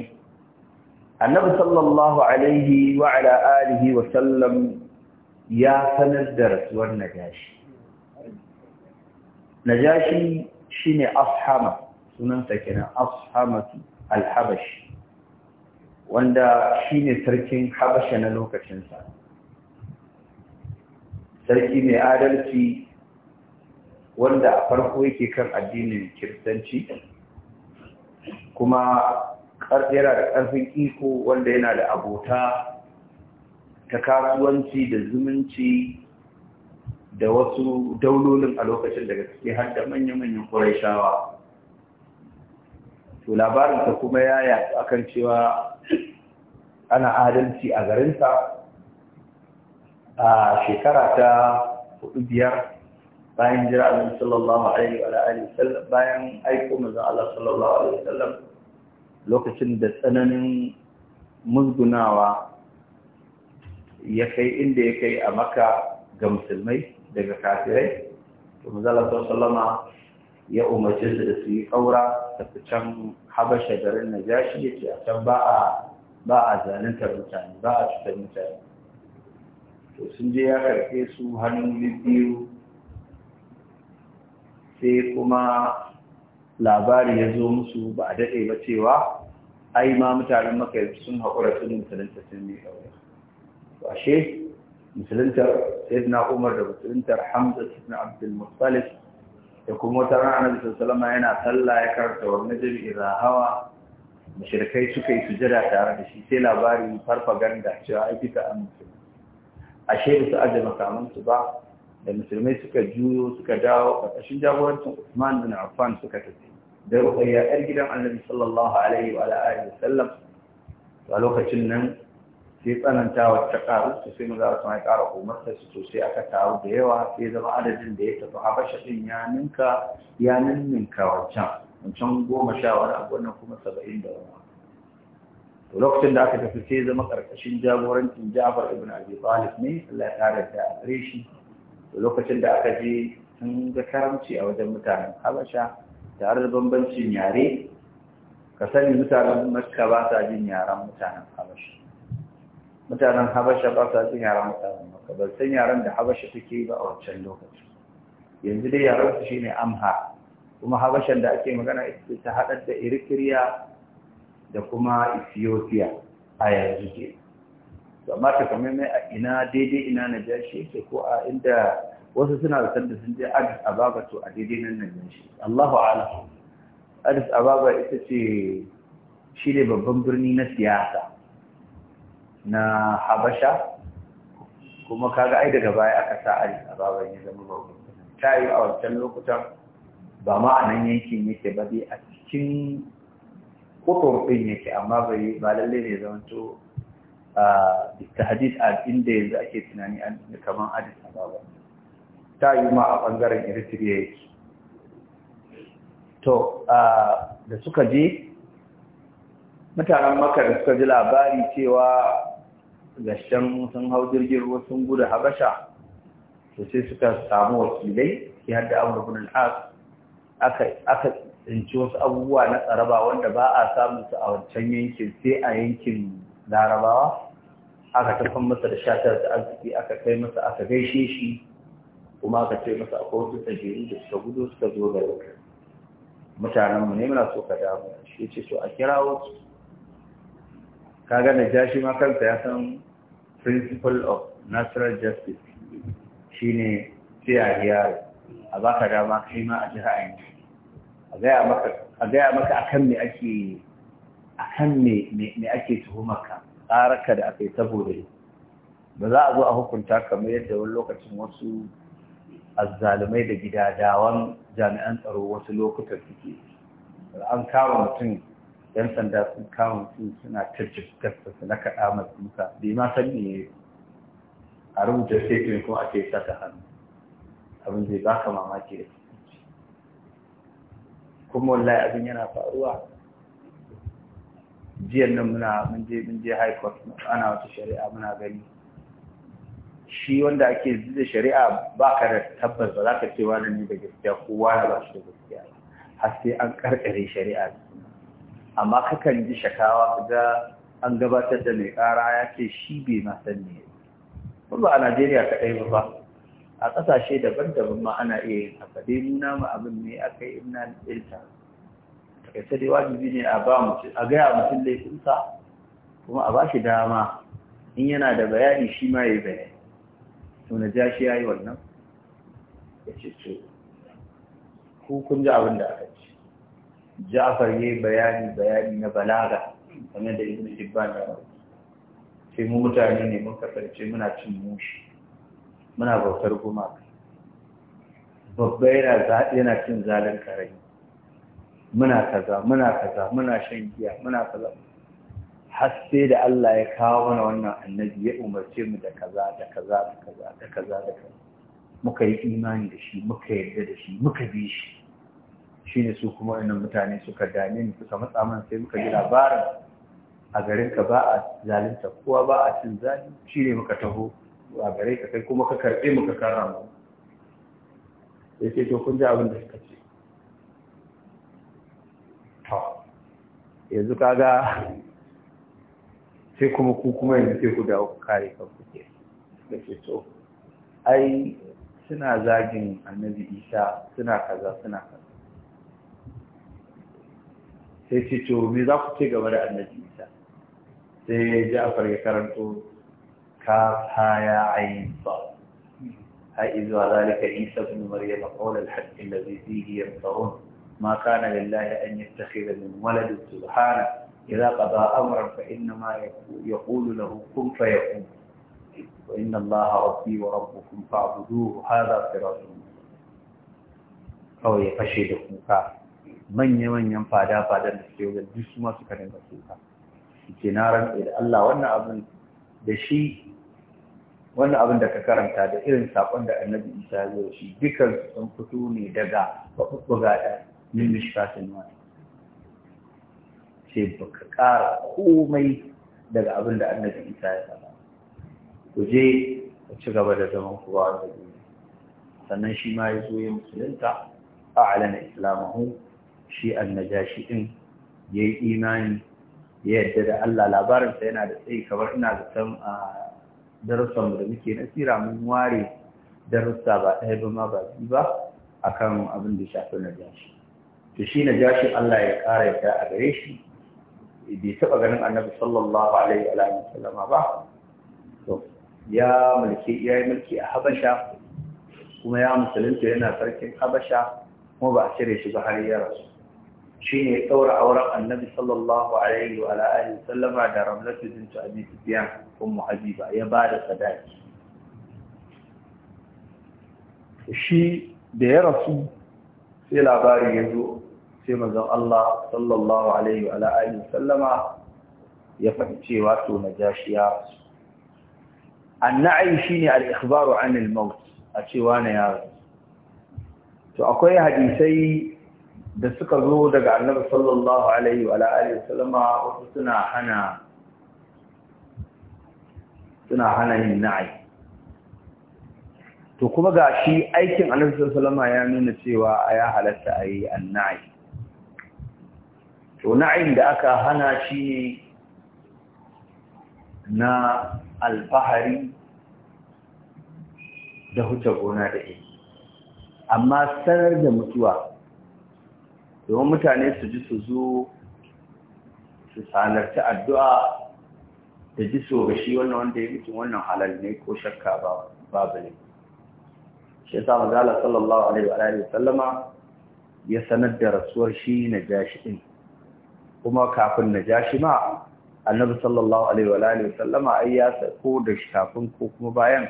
annabi sallallahu alaihi wa ala alihi wa sallam ya sanar da rasuwar najashi najashi shine ashama sunansa kenan ashamatu alhabashi wanda shine sarkin habasha na lokacinsa sarki mai adalci wanda a farko yake kan addinin kiristanci kuma yana da ƙarfin iko wanda yana da abota ta kasuwanci da zumunci da wasu daulolin a lokacin daga suke hada manya-manyan shawa, to labarinsa kuma ya yaɗu akan cewa ana adalci a garinsa a shekara ta huɗu biyar bayan jira annabi sallallahu alaihi wa alihi sallam bayan aiko manzon Allah sallallahu alaihi sallam lokacin da tsananin musgunawa ya kai inda ya kai a maka ga musulmai daga kafirai to manzon Allah sallallahu ya umarci su da su yi ƙaura tafi can habasha garin najashi ya ce a can ba a ba a mutane ba a cutar mutane to sun je ya karfe su hannun biyu sai kuma labari ya zo musu ba a daɗe ba cewa ai ma mutanen maka sun haƙura sun musulunta sun ne ɗaure ashe musuluntar na umar da musuluntar hamza na abdul muttalib da kuma wata rana annabi salama yana sallah ya karanta wa najmi idha hawa mushrikai suka yi sujada tare da shi sai labari farfaganda cewa ai ta amince ashe su ajiye makamansu ba da musulmai suka juyo suka dawo ƙarƙashin jagorancin Usman bin Affan suka tafi da ruƙayya ƴar gidan Annabi sallallahu alaihi wa alihi wasallam a lokacin nan sai tsanantawa ta karu su sai maza su mai ƙara umarta su sosai aka taru da yawa sai zama adadin da ya tafi Abasha ɗin ya ninka ya ninninka wancan wancan goma sha wani abu wannan kuma saba'in da wani to lokacin da aka tafi sai zama ƙarƙashin jagorancin Ja'far ibn Abi Talib ne Allah ya kare da gare shi lokacin da aka je sun ga karamci a wajen mutanen habasha tare da bambancin yare ka sani mutanen makka ba sa jin yaren mutanen habasha mutanen habasha ba sa jin yaren mutanen makka ba san yaren da habasha take ba a wancan lokaci yanzu dai yaren su shine amha kuma habashan da ake magana ta haɗar da eritrea da kuma ethiopia a yanzu kenan amma ta kamar mai a ina daidai ina na jashi yake ko a inda wasu suna da sanda sun je adis ababa to a daidai nan na jashi allahu ala adis ababa ita ce shi ne babban birni na siyasa na habasha kuma kaga ai daga baya aka sa adis ababa ya zama babban ta yi a wancan lokutan ba ma a nan yankin yake ba dai a cikin kutur ɗin yake amma ba lallai ne zamanto da hadith a inda yanzu ake tunani an da kaman addis ababa ta yi ma a bangaren eritrea yake to da suka je mutanen makar suka ji labari cewa gashen sun hau jirgin ruwa sun gudu habasha to sai suka samu wakilai ki hada abu rubun aka tsinci wasu abubuwa na tsaraba wanda ba a samun su a wancan yankin sai a yankin larabawa aka tafan masa da shatar da arziki aka kai masa aka gaishe shi kuma aka ce masa akwai wasu tsagiru da suka gudu suka zo da mutanenmu ne muna so ka damu shi ce so a kira wasu ka gane jashi ma kansa ya san principle of natural justice shine sai a hiyar a ka dama kai ma a ji ra'ayi a gaya maka akan me ake akan me ake tuhumarka tsararka da aka yi saboda yi ba za a zo a hukunta kamar yadda wani lokacin wasu azzalumai da gidadawan jami'an tsaro wasu lokutan suke an kama mutum yan sanda sun kama mutum suna ta jikasta su na kaɗa masu muka bai ma san me a rubuta statement kuma ake sa ta hannu abin zai baka mamaki da kuma wallahi abin yana faruwa jiyan nan muna mun je mun je high court ana wata shari'a muna gani shi wanda ake da shari'a ba ka da tabbas ba za ka ce wani ne da gaskiya ko wani ba shi da gaskiya har sai an karkare shari'a amma kakan ji shakawa ga an gabatar da mai kara ya ce shi bai ma san ne ba a Najeriya kaɗai ba ba a ƙasashe daban-daban ma ana iya yin haka dai nuna mu abin ne aka yi ina ilta takaice dai wajibi ne a gaya mutum laifinsa kuma a ba shi dama in yana da bayani shi ma ya bayani to na ja shi ya yi wannan ya ce ce ku kun ji abin da aka ce ja'far ya yi bayani bayani na balaga kamar da ibn hibban ya rawaito sai mu mutane ne mun kasance muna cin mushi muna bautar gumaka babba yana cin zalin karami muna kaza muna kaza muna shan giya muna kaza har sai da Allah ya kawo mana wannan annabi ya umarce mu da kaza da kaza da kaza da kaza da kaza muka yi imani da shi muka yarda da shi muka bi shi shine su kuma wannan mutane suka dame ni suka matsa mana sai muka ji labarin a garin ka ba a zalunta kowa ba a cin zali shine muka taho a gare ka kai kuma ka karbe muka karama sai sai to kun ji abin da suka ce yanzu kaga sai kuma ku kuma yanzu sai ku dawo ku kare kan ke da ke so ai suna zagin annabi isa suna kaza suna kaza sai ce to me za ku ce gaba da annabi isa sai ya ji a farge karanto ka haya ayin ba har izuwa zalika isa bin maryam qawla al-haqq alladhi fihi yamtarun ما كان لله أن يتخذ من ولد سبحانه إذا قضى أمرا فإنما يقول له كن فيكون وإن الله ربي وربكم فاعبدوه هذا صراط أو ya fashe da kuka manya-manyan fada-fada da suke wajen duk su masu karin da kuka da Allah wannan abin da shi wannan abin da ka karanta da irin sakon da annabi isa ya yi shi dukan sun fito ne daga buga ɗaya min mishkatin wani ce ba ƙara komai daga abin da annabi isa ya faɗa ku je ku ci gaba da zaman ku ba wanda sannan shi ma ya zo ya musulunta a alana islamahu shi annajashi din ya yi imani ya yadda da Allah labarinsa yana da tsayi kamar ina da san a darussan da muke nasira mun ware darussa ba ɗaya ba ma ba ba akan abin da shafi najashi da shi na Allah ya ƙara yadda a gare shi bai taɓa ganin annabi sallallahu alaihi wa sallama ba to ya mulki ya yi mulki a habasha kuma ya musulunta yana sarkin habasha kuma ba a cire shi ba har ya rasu shi ne ya ɗaura auren annabi sallallahu alaihi wa alihi sallama da ramlatu dinta abi sufyan ummu habiba ya ba da sadaki shi da ya rasu sai labari ya zo sai manzon Allah sallallahu alaihi wa alihi sallama ya faɗi cewa to jashiya. ya rasu anna'i shine al-ikhbaru an al a cewa na yaro. to akwai hadisai da suka zo daga annabi sallallahu alaihi wa alihi sallama wasu suna hana suna hana yin na'i to kuma ga shi aikin annabi sallallahu alaihi wa ya nuna cewa ya halatta a ayi anna'i to na'im da aka hana shi ne na alfahari da huta gona da iri amma sanar da mutuwa domin mutane su ji su zo su salarci addu'a da ji so ga shi wannan wanda ya mutu wannan halal ne ko shakka babu ne shi yasa magana sallallahu alaihi wa alihi sallama ya sanar da rasuwar shi na jashi din kuma kafin na ja shi ma annabi sallallahu alaihi wa alihi wasallama ai ya ko da shi kafin ko kuma bayan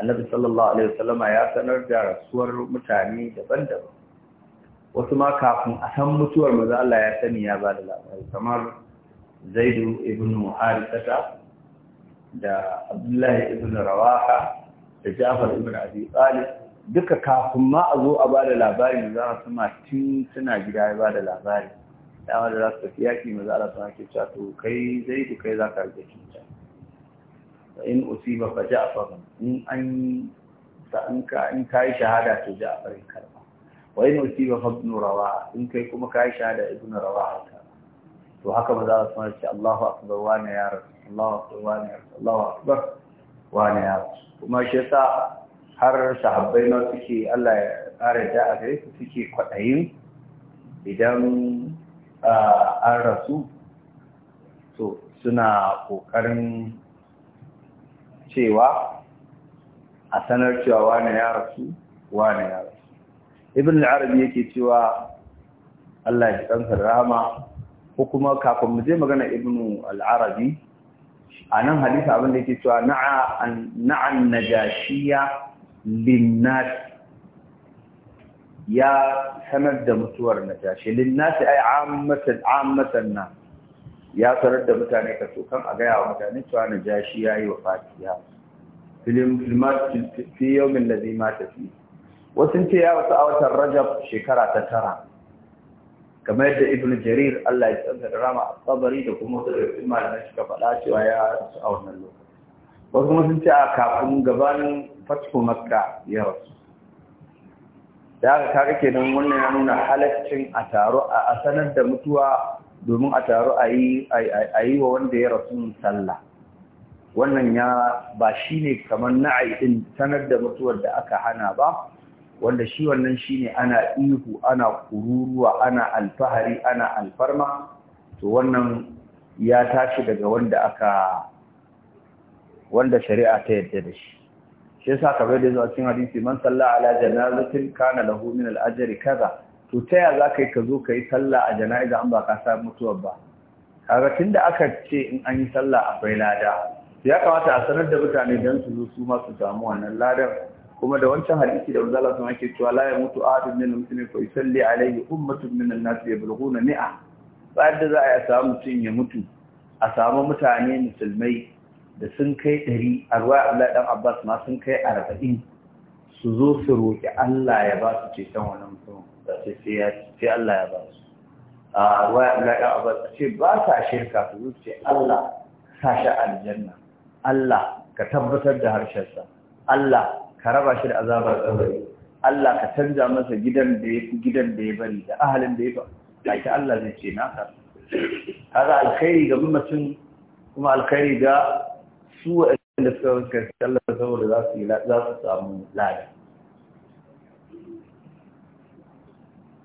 annabi sallallahu alaihi wa sallama, ya sanar da rasuwar mutane daban-daban wasu ma kafin a san mutuwar manzo Allah ya sani ya ba da labari kamar Zaidu ibn Harithata da Abdullahi ibn Rawaha da Jafar ibn Abi Talib duka kafin ma a zo a ba da labari manzo Allah sama tun suna gida ya ba da labari dama da za su tafi yaƙi maza Allah sun ake cewa to kai zai ku kai za ka rike kinta can. in usiba fa ja'far in an sa in ka in kai shahada to ji a farin karba wa in usiba fa ibn rawa, in kai kuma ka yi shahada ibn rawaha ka to haka maza Allah sun ce Allahu akbar wa na ya rasul Allahu akbar wa na ya rasul Allahu akbar wa na ya rasul kuma shi yasa har sahabbai ma suke Allah ya ƙara da a gare su suke kwaɗayin idan an rasu to suna ƙoƙarin cewa a sanar cewa wane ya rasu wane ya rasu ibn al-arabi yake cewa Allah ya kansa rahama ko kuma kafin mu je magana ibn al-arabi anan hadisi abin da yake cewa na'a an najashiya lin-nas ya sanar da mutuwar na najashi linnasi ai ammatan ammatan ya sanar da mutane kaso kan a gaya wa mutane cewa najashi yayi wafati ya film filmat fi yawmin ladhi mata fi wasu ce ya wasu a watan rajab shekara ta tara kamar yadda ibnu jarir Allah ya tsanta da rama asabari da kuma wasu da na suka faɗa cewa ya rasu a wannan lokaci wasu kuma sun ce a kafin gabanin fatku makka ya rasu da aka kaga kenan wannan ya nuna halaccin a taro a sanar da mutuwa domin a taro a yi wa wanda ya rasu sallah wannan ya ba shi ne kamar na'ai din sanar da mutuwar da aka hana ba wanda shi wannan shi ne ana ihu ana kururuwa ana alfahari ana alfarma to wannan ya tashi daga wanda aka wanda shari'a ta yadda da shi shi yasa bai da zuwa cikin hadisi man salla ala janazatin kana lahu min al-ajri kaza to ta ya zaka ka zo kai sallah a jana'iza an ba ka sa mutuwar ba kaga tunda aka ce in an yi sallah bai lada ya kamata a sanar da mutane dan su zo su ma su samu wannan ladan kuma da wancan hadisi da Allah sun ake cewa la mutu ahadun min al-muslimin fa yusalli alayhi ummatun min an-nas yablughuna mi'a bayan da za a samu mutum ya mutu a samu mutane musulmai da sun kai ɗari a ruwa Abdullahi ɗan Abbas ma sun kai arba'in su zo su roƙi Allah ya ba su ceton wani mutum da sai sai Allah ya ba su. A ruwa Abdullahi ɗan Abbas ce ba sa shirka su zo ce Allah sa shi aljanna, Allah ka tabbatar da harshensa, Allah ka raba shi da azabar tsabari, Allah ka canza masa gidan da ya gidan da ya bari da ahalin da ya ba. Ga Allah zai ce naka. Kaga alkhairi ga mutum kuma alkhairi ga su waɗanda suka wakar Allah saboda za su za su samu lada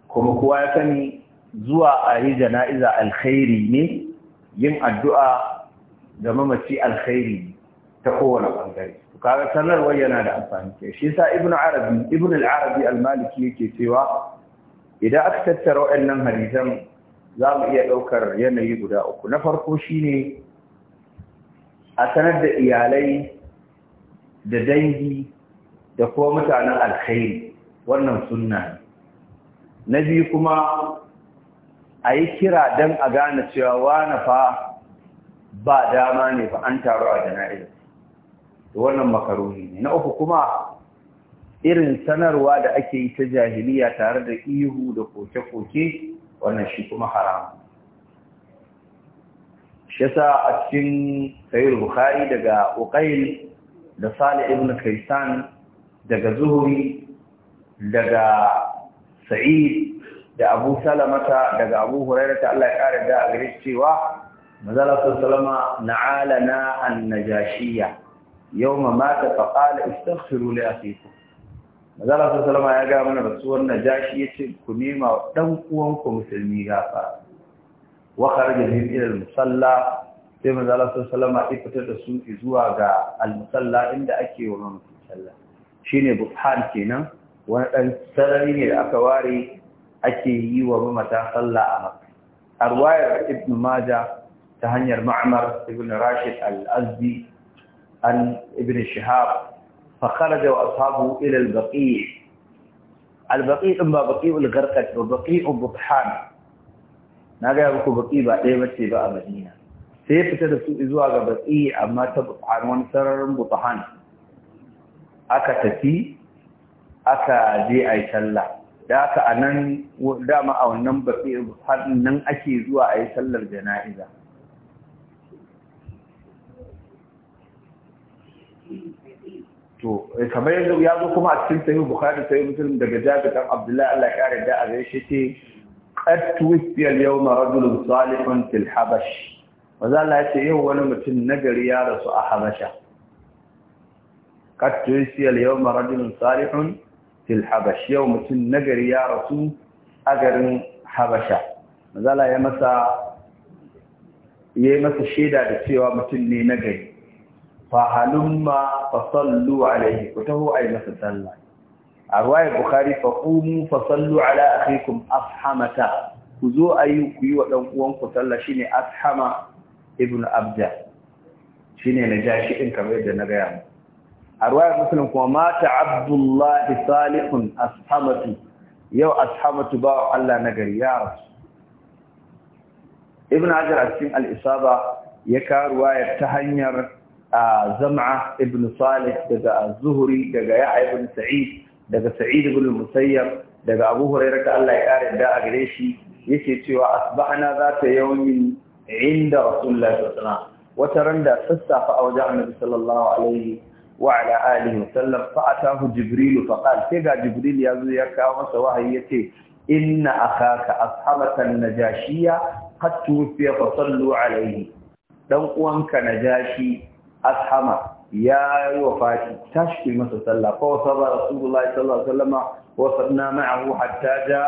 kuma kowa ya sani zuwa a yi jana'iza alkhairi ne yin addu'a ga mamaci alkhairi ta kowane ɓangare kaga sanarwar yana da amfani ke shi sa ibn arabi ibn arabi al-maliki yake cewa idan aka tattara waɗannan hadisan za mu iya ɗaukar yanayi guda uku na farko shine a sanar da iyalai da dangi da kuma mutanen alkhairi wannan sunna ne na biyu kuma a yi kira don a gane cewa wane fa ba dama ne fa an taru a Da wannan makaroni ne na uku kuma irin sanarwa da ake yi ta jahiliya tare da ihu da koke-koke wannan shi kuma haramu yasa a cikin sayar bukari daga Ukayil da salih ibn kaisan daga zuhuri daga sa'id da abu salamata daga abu ta Allah ya kare da a gari cewa mazala sallama na'alana an jashiya. Yau mata fa qala ne a akhikum mazala Salama ya ga mana rasuwar najashi ce ku nema dan uwanku musulmi gafara wa kharaja bihim ila al-musalla sai manzo Allah sallallahu alaihi fitar da su zuwa ga al inda ake wa mutum shi ne buhan kenan wani dan sarari ne da aka ware ake yi wa mamata sallah a Makka arwayar ibn Majah ta hanyar Ma'mar ibn Rashid al-Azdi an ibn shahab fa da wasu ashabu ila al-Baqi' al-Baqi' imma Baqi' al-Gharqad wa na gaya muku baki ba ɗaya bace ba a madina sai ya fita da su zuwa ga baki amma ta buhan wani sararin buhan aka tafi aka je a yi sallah da aka a nan dama a wannan baki buhan nan ake zuwa a yi sallar jana'iza to eh, kamar yanzu ya zo kuma a cikin sahih bukhari sahih muslim daga jabi dan abdullahi Allah ya kare da a gaishe ce qad tuwfiya al-yawma rajulun salihun fil habash maza Allah ya ce yau wani mutum nagari ya rasu a habasha qad tuwfiya al-yawma rajulun salihun fil habash yau mutum nagari ya rasu a garin habasha maza Allah ya masa yayi masa shaida da cewa mutum ne nagari fa halumma fa sallu alaihi ku taho ai masa sallah a ruwayar bukhari fa qumu fa sallu ala akhikum afhamata ku zo ayi ku yi wa dan uwan ku sallah shine afhama ibn abda shine najashi din kamar yadda na gaya mu a ruwayar muslim kuma mata abdullah salihun ashamatu yau ashamatu ba wa Allah na gari ya rasu ibn hajar a cikin al-isaba ya karuwa ya ta hanyar a zam'a ibn salih daga zuhuri daga yahya ibn sa'id daga Sa'id ibn Musayyab daga Abu Hurairah ta Allah ya kare da a gare shi yake cewa asbahana zata yawmin inda Rasulullahi sallallahu wata randa sassafa a wajen Annabi sallallahu alaihi wa ala alihi sallam fa atahu Jibril fa qala sai ga Jibril ya zo ya kawo masa wahayi yace inna akaka ashabatan najashiya qad tufiya fa sallu alaihi dan uwanka najashi ashama ya yi wa fashi tashi ku yi masa sallah ko wasa ba gula sallallahu sallama wasallam na ma'ahu hatta ja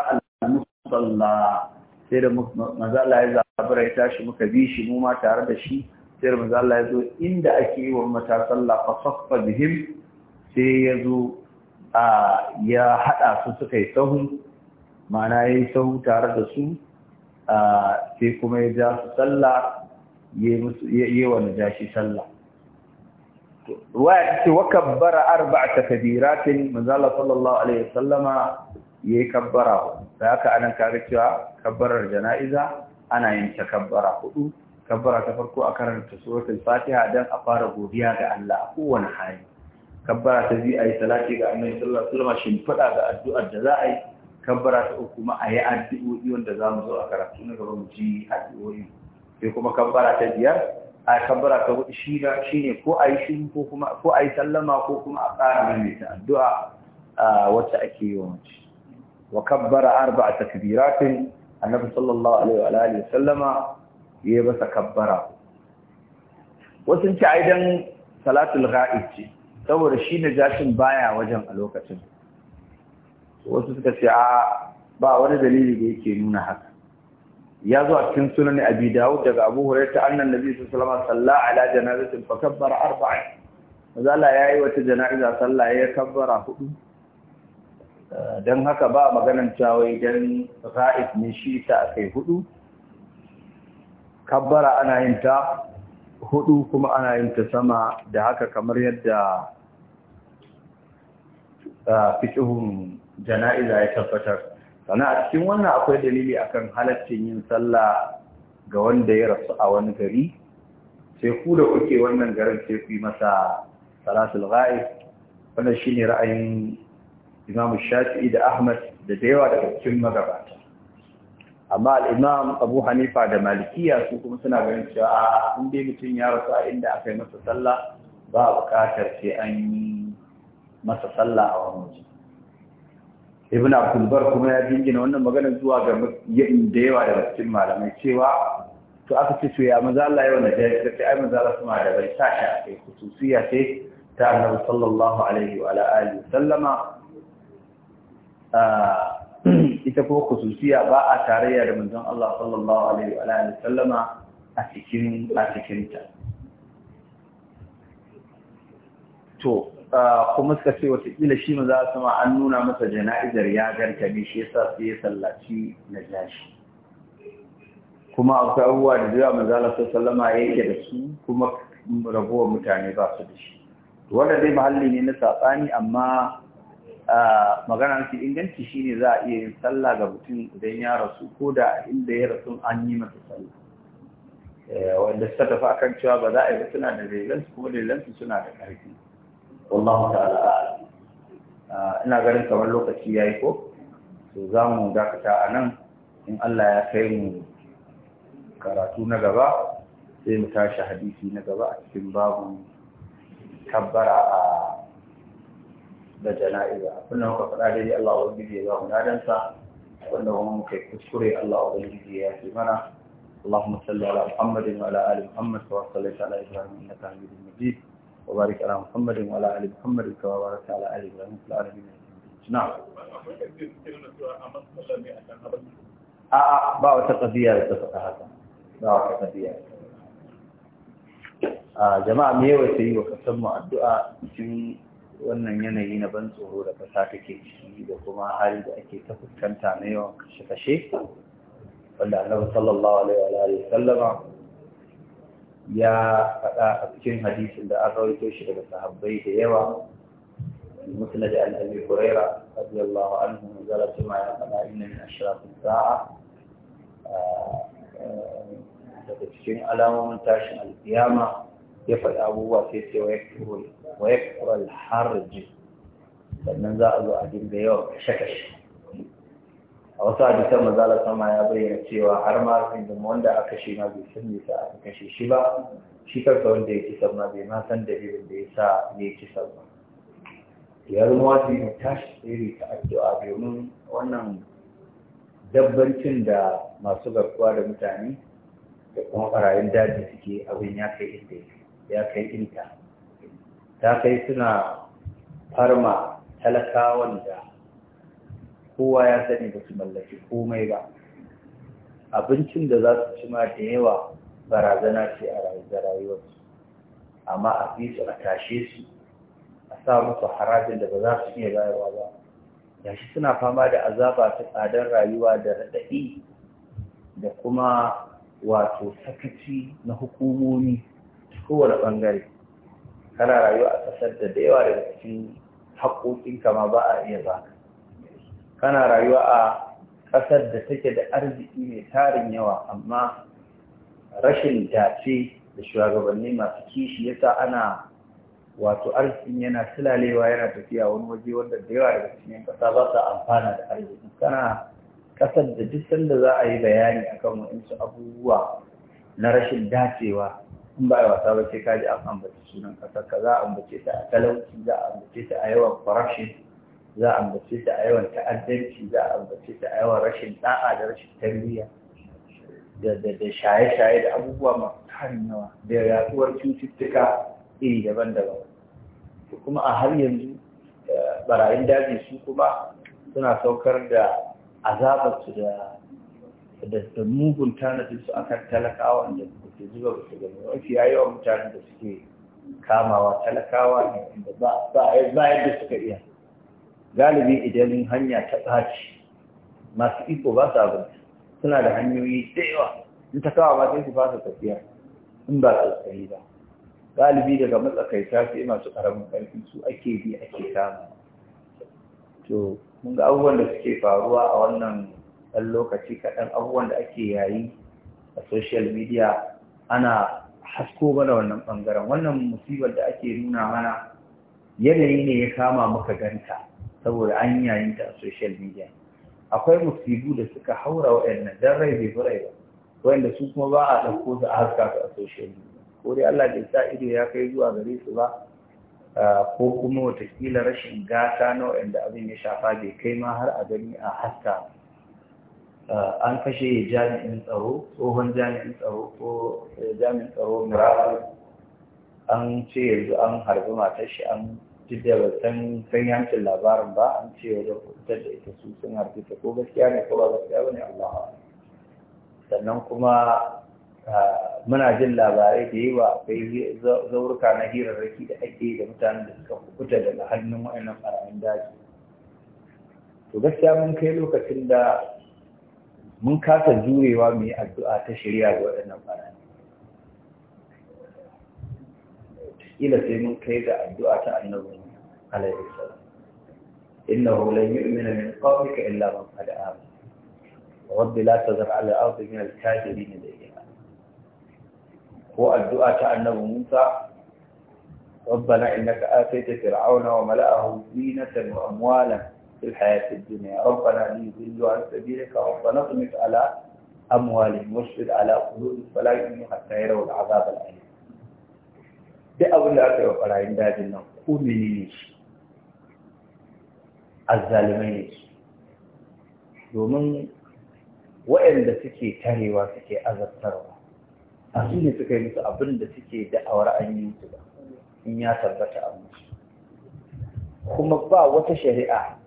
al-musalla sai da maza ya zabura ya tashi muka bi shi mu ma tare da shi sai da maza ya zo inda ake yi wa mata sallah fa saffa bihim sai ya zo ya haɗa su suka yi sahu ma'ana ya yi sahu tare da su sai kuma ya ja su salla ya yi wa shi sallah ruwaya ce wa kabbara arba'ata kabiratin manzala sallallahu alaihi wasallama yayi kabbara da haka anan kaga cewa kabbarar jana'iza ana yin ta kabbara hudu kabbara ta farko a karanta suratul fatiha dan a fara godiya ga Allah a kowane hali kabbara ta biyu ayi salati ga annabi sallallahu alaihi wasallam shimfida ga addu'ar da za a yi kabbara ta uku ma ayi addu'o'i wanda za mu zo a karatu na gaba mu ji addu'o'i sai kuma kabbara ta biyar a kabbara ta hudu shi ne ko a yi shi ko kuma a yi sallama ko kuma a ƙara mai ta addu'a wacce ake yi wa mace wa kabbara arba'a takbiratin annabi sallallahu alaihi wa alihi sallama yayi masa kabbara wasu ci aidan salatul ghaib ce saboda shi ne jashin baya wajen a lokacin wasu suka ce a ba wani dalili da yake nuna haka ya zo a cikin sunan abi dawud daga abu hurairah annan nabi sallallahu alaihi wasallam salla ala janazatin fa kabbara arba'a maza Allah yayi wata janaza sallah ya kabbara hudu eh, dan haka ba maganan cewa idan ra'id ne shi ta kai hudu kabbara ana yin ta hudu kuma ana yin ta sama da haka kamar yadda eh, fitihun janaza ya tabbatar sannan a cikin wannan akwai dalili akan halaccin yin sallah ga wanda ya rasu a wani gari sai ku da kuke wannan garin sai ku yi masa salatul ghaib wannan shine ra'ayin Imam Shafi'i da Ahmad da da yawa daga cikin magabata amma al Abu Hanifa da Malikiya su kuma suna ganin cewa a in mutum ya rasu a inda aka yi masa sallah ba a bukatar sai an yi masa sallah a wani waje ibn abdulbar kuma ya jingina wannan maganar zuwa ga da yawa daga cikin malamai cewa to aka ce to ya maza Allah yawan da ya ce ai maza Allah kuma da bai sa shi a kai kususiya ce ta annabi sallallahu alaihi wa alihi sallama ita ko kususiya ba a tarayya da manzon Allah sallallahu alaihi wa alihi sallama a cikin a cikin ta to kuma suka ce watakila shi mu za su ma an nuna masa jana'izar ya garka ne shi yasa sai ya sallaci na jashi kuma akwai abubuwa da zuwa lasa sallama ya yake da su kuma rabuwar mutane ba su da shi wanda dai muhalli ne na saɓani amma magana mafi inganci shine za a iya yin sallah ga mutum idan ya rasu ko da inda ya rasu an yi masa sallah eh, wanda suka tafi akan cewa ba za a yi ba suna da lelansu kuma lelansu suna da ƙarfi wallahu ta'ala ah, ina ganin kamar lokaci yayi ko to za mu dakata a nan in Allah ya kai mu karatu na gaba sai mu tashi hadisi na gaba a cikin babu tabbara a da jana'iza abin da muka faɗa dai Allah wa ubangiji ya zama mu wanda kuma muka kuskure Allah wa ubangiji ya ce mana اللهم صل على محمد وعلى ال محمد كما على ابراهيم انك حميد مجيد وبارك على محمد وعلى ال محمد كما باركت على ال ابراهيم في العالمين نعم a'a ba wata ƙabiya da ta faɗa haka ba wata ƙabiya a jama'a me yawa ta wannan yanayi na ban tsoro da kasa take ciki da kuma hali da ake ta fuskanta na yawan kashe-kashe wanda annabi sallallahu alaihi wa alihi sallama ya faɗa a cikin hadisin da an rawaito shi daga sahabbai da yawa musnad an abi huraira radiyallahu anhu zala tuma ya faɗa inna min ashrafis sa'a daga cikin alamomin tashin alkiyama ya faɗi abubuwa sai sai wa yakfur al-harj sannan za a zo a dinga yawan kashe-kashe a wasu hadisan mazala sama ya bayyana cewa har ma inda wanda aka shi ma bai san me aka kashe shi ba shi kansa wanda ya kisa ma bai ma san dalilin da ya sa ya kisa ba ya zama wasu ya tashi tsere ta addu'a domin wannan dabbancin da masu garkuwa da mutane da kuma ɓarayin daji suke abin ya kai inda ya kai inda ta kai suna farma talakawan da kowa ya sani ba su mallaki komai ba abincin da za su ci ma da yawa barazana ce a rayuwarsu amma a fi su a tashe su a sa musu harajin da ba za su iya bayarwa ba Ya shi suna fama da azaba ta tsadar rayuwa da raɗaɗi da kuma wato sakaci na hukumomi kowane ɓangare kana rayuwa a ƙasar da da yawa daga cikin haƙoƙinka ma ba a iya baka kana rayuwa a ƙasar da take da arziki mai tarin yawa amma rashin dace da shugabanni masu kishi yasa ana wato arzikin yana silalewa yana tafiya wani waje wanda da yawa daga cikin ƙasa ba sa amfana da arziki kana ƙasar da duk sanda za a yi bayani akan wa'insu abubuwa na rashin dacewa in ba a wasa ba sai kaji an ambaci sunan ƙasar ka za a ambace ta a talauci za a ambace ta a yawan corruption za a ambace ta a yawan ta'addanci za a ambace ta a yawan rashin da'a da rashin tarbiyya da shaye-shaye da abubuwa masu tarin yawa da yaduwar cututtuka iri daban-daban kuma a har yanzu eh, barayin daji su kuma suna saukar da azabarsu da da mugun tanadin su akan talakawa da ke zuba ba su gani ya yawan mutanen da suke kamawa talakawa ne inda ba yadda suka iya galibi idan hanya ta ɓaci masu iko ba su abin suna da hanyoyi da yawa in ta kawo ba sai su fasa tafiya in ba tsautsayi ba galibi daga matsakaita sai masu ƙaramin ƙarfi su ake bi ake kama to mun ga abubuwan da suke faruwa a wannan ɗan lokaci kaɗan abubuwan da ake yayi a social media ana hasko mana wannan ɓangaren wannan musibar da ake nuna mana yanayi ne ya kama muka ganta saboda an yayin ta a social media akwai musibu da suka haura waɗannan dan rai bai fura'i ba wanda su kuma ba a ɗauko su a haska su a social media ko dai Allah bai sa ido ya kai zuwa gare su ba ko kuma watakila rashin gata na da abin ya shafa bai kai ma har a gani a haska an kashe jami'in tsaro tsohon jami'in tsaro ko eh, jami'in tsaro murafu an ce yanzu an harbi matar shi an duk da ba san yankin labarin ba an ce wajen fitar da ita su sun harfi ta ko gaskiya ne ko ba gaskiya ba ne Allah sannan kuma muna jin labarai da yawa akwai zaurka na hirarraki da ake da mutanen da suka kukuta daga hannun wa'annan ɓarayin daji to gaskiya mun kai lokacin da mun kasa jurewa mu yi addu'a ta shirya ga waɗannan ɓarayin إلى سيمن كيدا الدعاة النبي عليه السلام إنه لن يؤمن من قومك إلا من قد آمن ورب لا تذر على الأرض من الكافرين الإيمان هو الدعاء أنه موسى ربنا إنك آتيت فرعون وملأه زينة وأموالا في الحياة الدنيا ربنا ليذلوا عن سبيلك ربنا اطمس على أموالهم واشفد على قلوبهم فلا يؤمنوا حتى يروا العذاب الأليم duk abin da aka yi wa ɓarayin dajin nan ko mini ne shi azzalimai ne shi domin waɗanda suke tarewa suke azabtarwa a su ne suka yi musu abin da suke da'awar an yi musu ba in ya tabbata a musu kuma ba wata shari'a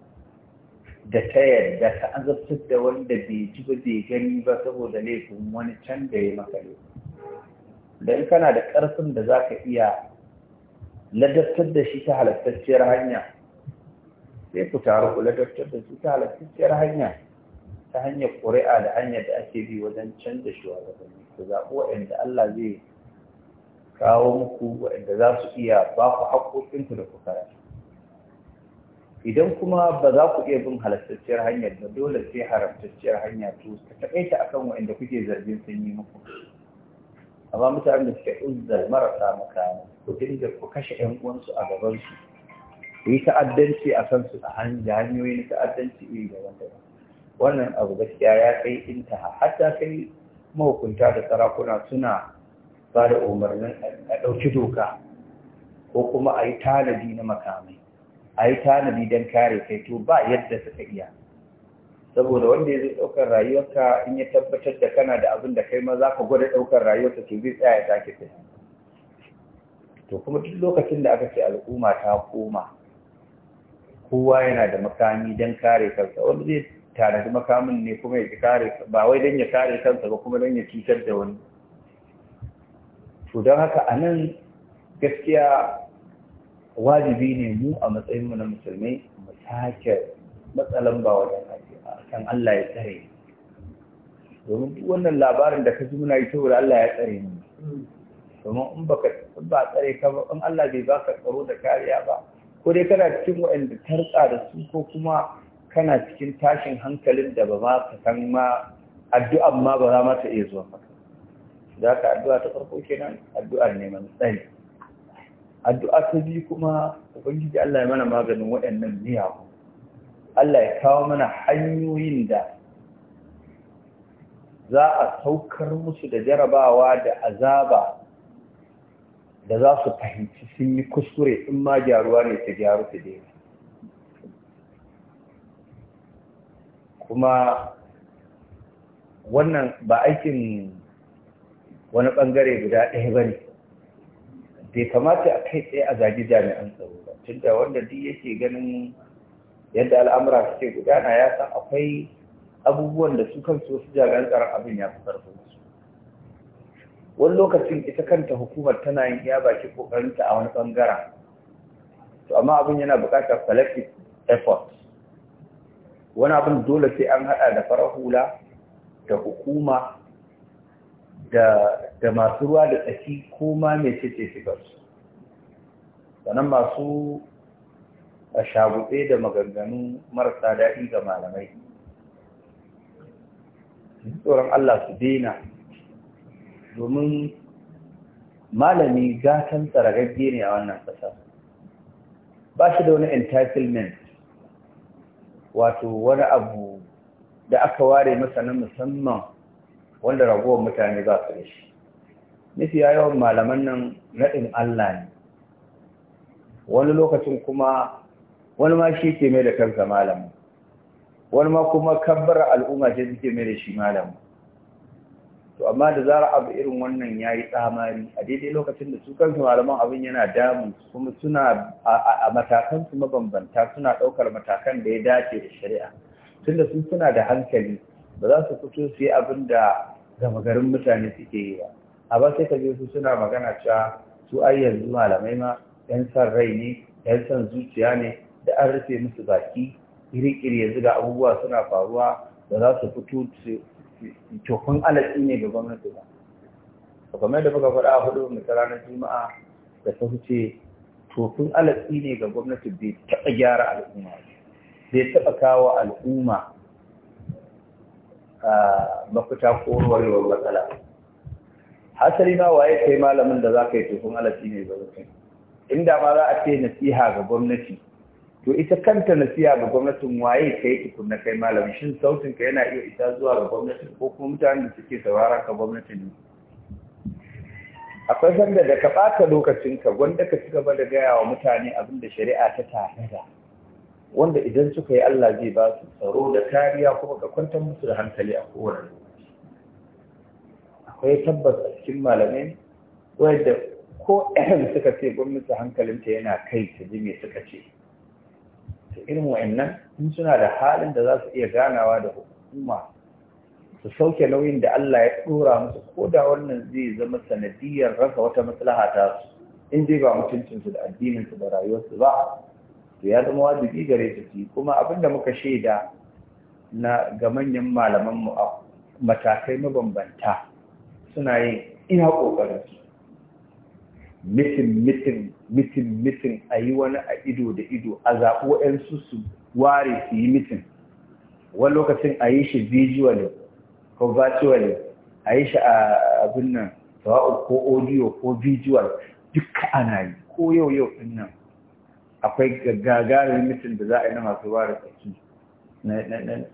da ta yarda ta azabtar da wanda bai ji ba bai gani ba saboda laifin wani can da ya maka laifin da kana da ƙarfin da za ka iya ladabtar da shi ta halattacciyar hanya sai ku taru ku ladabtar da shi ta halattacciyar hanya ta hanyar ƙuri'a da hanyar da ake bi wajen canza shugabanni ku zaɓi waɗanda Allah zai kawo muku waɗanda za su iya ba ku haƙoƙinku da ku karanta idan kuma ba za ku iya bin halastacciyar hanyar ba dole sai haramtacciyar hanya to ta taƙaita akan waɗanda kuke zargin sun yi muku amma mutanen da suke uzza marasa makamai. ku dinga ku kashe ƴan uwansu a gabansu. su ku yi ta'addanci a kansu a hanyoyi na ta'addanci iri daban-daban wannan abu gaskiya ya kai intaha hatta kai mahukunta da sarakuna suna ba da umarnin a ɗauki doka ko kuma a yi tanadi na makamai a yi tanadi don kare kai to ba yadda suka iya saboda wanda ya zai ɗaukar rayuwarka in ya tabbatar da kana da abin da kai ma za ka gwada ɗaukar rayuwarka to zai tsaya ta ke to kuma duk lokacin da aka ce al'umma ta koma kowa yana da makami don kare kansa wanda zai tanadi makamin ne kuma ya kare ba wai don ya kare kansa ba kuma don ya cutar da wani to don haka a nan gaskiya wajibi ne mu a matsayinmu na musulmai mu sake matsalan ba wajen kan Allah ya tsare domin duk wannan labarin da ka ji muna yi saboda Allah ya tsare ni domin in baka ba tsare ka ba in Allah bai baka tsaro da kariya ba ko dai kana cikin waɗanda tarka da su ko kuma kana cikin tashin hankalin da ba ma ka san ma addu'an ma ba za ma ta iya zuwa maka da ka addu'a ta farko kenan addu'a neman tsari addu'a ta biyu kuma ubangiji Allah ya mana maganin waɗannan miyagu Allah ya kawo mana hanyoyin da za a saukar musu da jarabawa da azaba da za su fahimci sun yi kuskure in ma gyaruwa ne ta gyaru ta daina kuma wannan ba aikin wani ɓangare guda ɗaya ba ne bai kamata a kai tsaye a zagi jami'an tsaro ba tunda wanda duk yake ganin yadda al'amura suke gudana ya san akwai abubuwan da su kansu wasu jami'an tsaron abin ya fi karfin su wani lokacin ita kanta hukumar tana yin iya baki ƙoƙarinta a wani bangaren to amma abin yana buƙatar collective effort wani abin dole sai an haɗa da farar hula da hukuma da masu ruwa da tsaki ko ma mai cece su, sannan masu a shagutse da maganganu marasa daɗi ga malamai tsoron Allah su dena domin malami gatan tsaragagge ne a wannan ƙasa ba shi da wani entitlement wato wani abu da aka ware masa na musamman wanda ragowar mutane ba su da shi nufi yawan malaman nan naɗin Allah ne wani lokacin kuma wani ma shi ke mai da kansa malamu wani ma kuma kabbar al'umma ce suke mai da shi malamu to amma da zara abu irin wannan ya yi tsamari a daidai lokacin da su kansu malaman abin yana damu kuma suna a matakan mabambanta suna ɗaukar matakan da ya dace da shari'a tun da sun suna da hankali ba za su fito su yi abin da gama garin mutane suke yi ba a ba sai ka je su suna magana cewa su ai yanzu malamai ma yan san rai ne yan san zuciya ne da an rufe musu baki iri-iri yanzu ga abubuwa suna faruwa da za su fito su tofin alaƙi ne ga gwamnati ba a kuma yadda muka faɗa a hudu mai ranar juma'a da ta wuce tofin alaƙi ne ga gwamnati bai taɓa gyara al'umma bai taɓa kawo al'umma mafita ko warwarewar matsala hasali ma waye kai malamin da za ka yi tofin alaƙi ne ga gwamnati inda ma za a ce nasiha ga gwamnati to ita kanta nasiya ga gwamnatin waye kai na kai malamin shin sautin ka yana iya ita zuwa ga gwamnatin ko kuma mutanen da suke sauraron ka gwamnatin ne akwai sanda da ka ɓata lokacin ka, wanda ka ci gaba da gaya wa mutane abin da shari'a ta tanada wanda idan suka yi Allah zai ba su tsaro da kariya kuma ka kwantar musu da hankali a kowane akwai tabbas a cikin malamai wadda ko ɗan suka ce gwamnati hankalinta yana kai ta jimi suka ce to irin wa'annan in suna da halin da za su iya ganawa da hukuma su sauke nauyin da Allah ya ɗora musu ko da wannan zai zama sanadiyar rasa wata maslaha ta su in dai ba mutuncinsu da addininsu da rayuwarsu ba to ya zama wajibi gare su ci kuma da muka shaida na ga manyan malaman mu a matakai mabambanta suna yin ina kokarin su mitin mitin mitin mitin a yi wani a ido da ido a zaɓo 'yan su su ware su yi mitin wani lokacin a yi shi visually ko virtually a yi shi a abin nan sawa'u ko audio ko visual duka ana yi ko yau yau ɗin nan akwai gagarin mitin da za a yi na masu ware tsaki na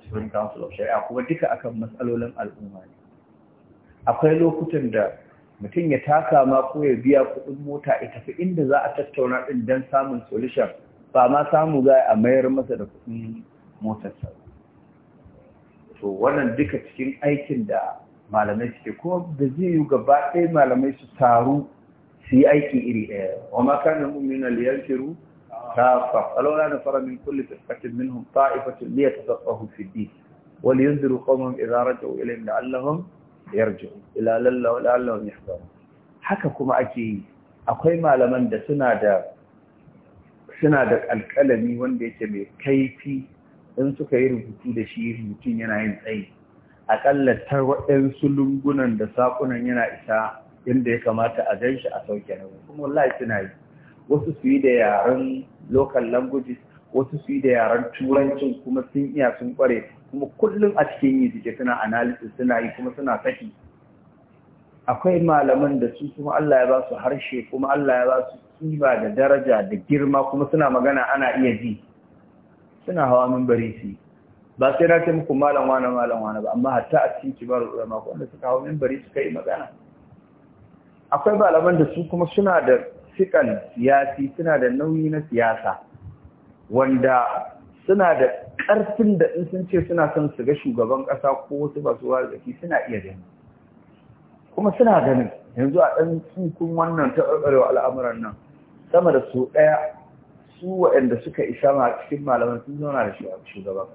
Supreme Council of Shari'a kuma duka akan matsalolin al'umma ne akwai lokutan da mutum ya taka ma ko ya biya kuɗin mota ya tafi inda za a tattauna ɗin don samun solution ba ma samu za a mayar masa da kuɗin motarsa to wannan duka cikin aikin da malamai suke kuma da zai yi gaba ɗaya malamai su taru su yi aiki iri ɗaya wa makanin mummina liyarfiru كافة ولولا نفر من كل فرقة منهم طائفة Wani yanzu الدين ولينذروا قومهم إذا رجعوا da Allahun? yarjo ila lallahu lallahu yahzar haka kuma ake yi akwai malaman da suna da suna da alƙalami wanda yake mai kaifi in suka yi rubutu da shi rubutun yana yin tsayi akalla ta waɗansu lungunan da sakunan yana isa inda ya kamata a gan shi a sauke na kuma wallahi suna yi wasu su yi da yaren local languages wasu su yi da yaren turancin kuma sun iya sun kware kuma kullum a cikin yi suke suna analysis suna yi kuma suna saki akwai malaman da su kuma Allah ya ba su harshe kuma Allah ya ba su kiba da daraja da girma kuma suna magana ana iya ji suna hawa mimbari su ba sai na ce muku malam wani malam wani ba amma hatta a cikin kibar ulama wanda suka hawa mimbari suka yi magana akwai malaman da su kuma suna da sikan siyasi suna da nauyi na siyasa wanda suna da ƙarfin da in sun ce suna son su ga shugaban ƙasa ko wasu ba su zaki suna iya gani kuma suna ganin yanzu a ɗan tsukun wannan ta ƙarƙarewa al'amuran nan sama da su ɗaya su waɗanda suka isa ma cikin malaman sun zauna da shugaban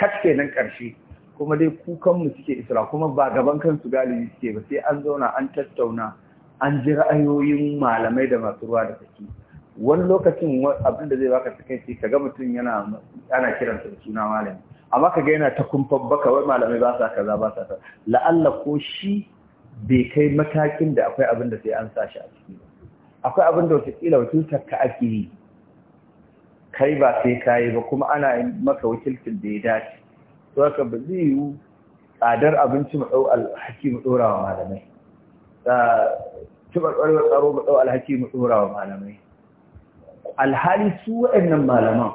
ƙasa ke nan ƙarshe kuma dai kukanmu suke isra kuma ba gaban kansu galibi suke ba sai an zauna an tattauna an ji ra'ayoyin malamai da masu ruwa da tsaki wani lokacin abin da zai baka takaici ga mutum yana ana kiransa da suna malami amma kaga yana ta kumfan baka wai malamai ba sa kaza ba sa kaza la'alla ko shi bai kai matakin da akwai abin da sai an sa shi a ciki akwai abin da wata kila wakiltar ka ake yi kai ba sai kayi ba kuma ana maka wakilcin da ya dace to haka ba zai yiwu tsadar abinci mu dau alhaki mu dora wa malamai ta tubar tsaro mu dau alhaki mu dora wa malamai alhali su waɗannan malaman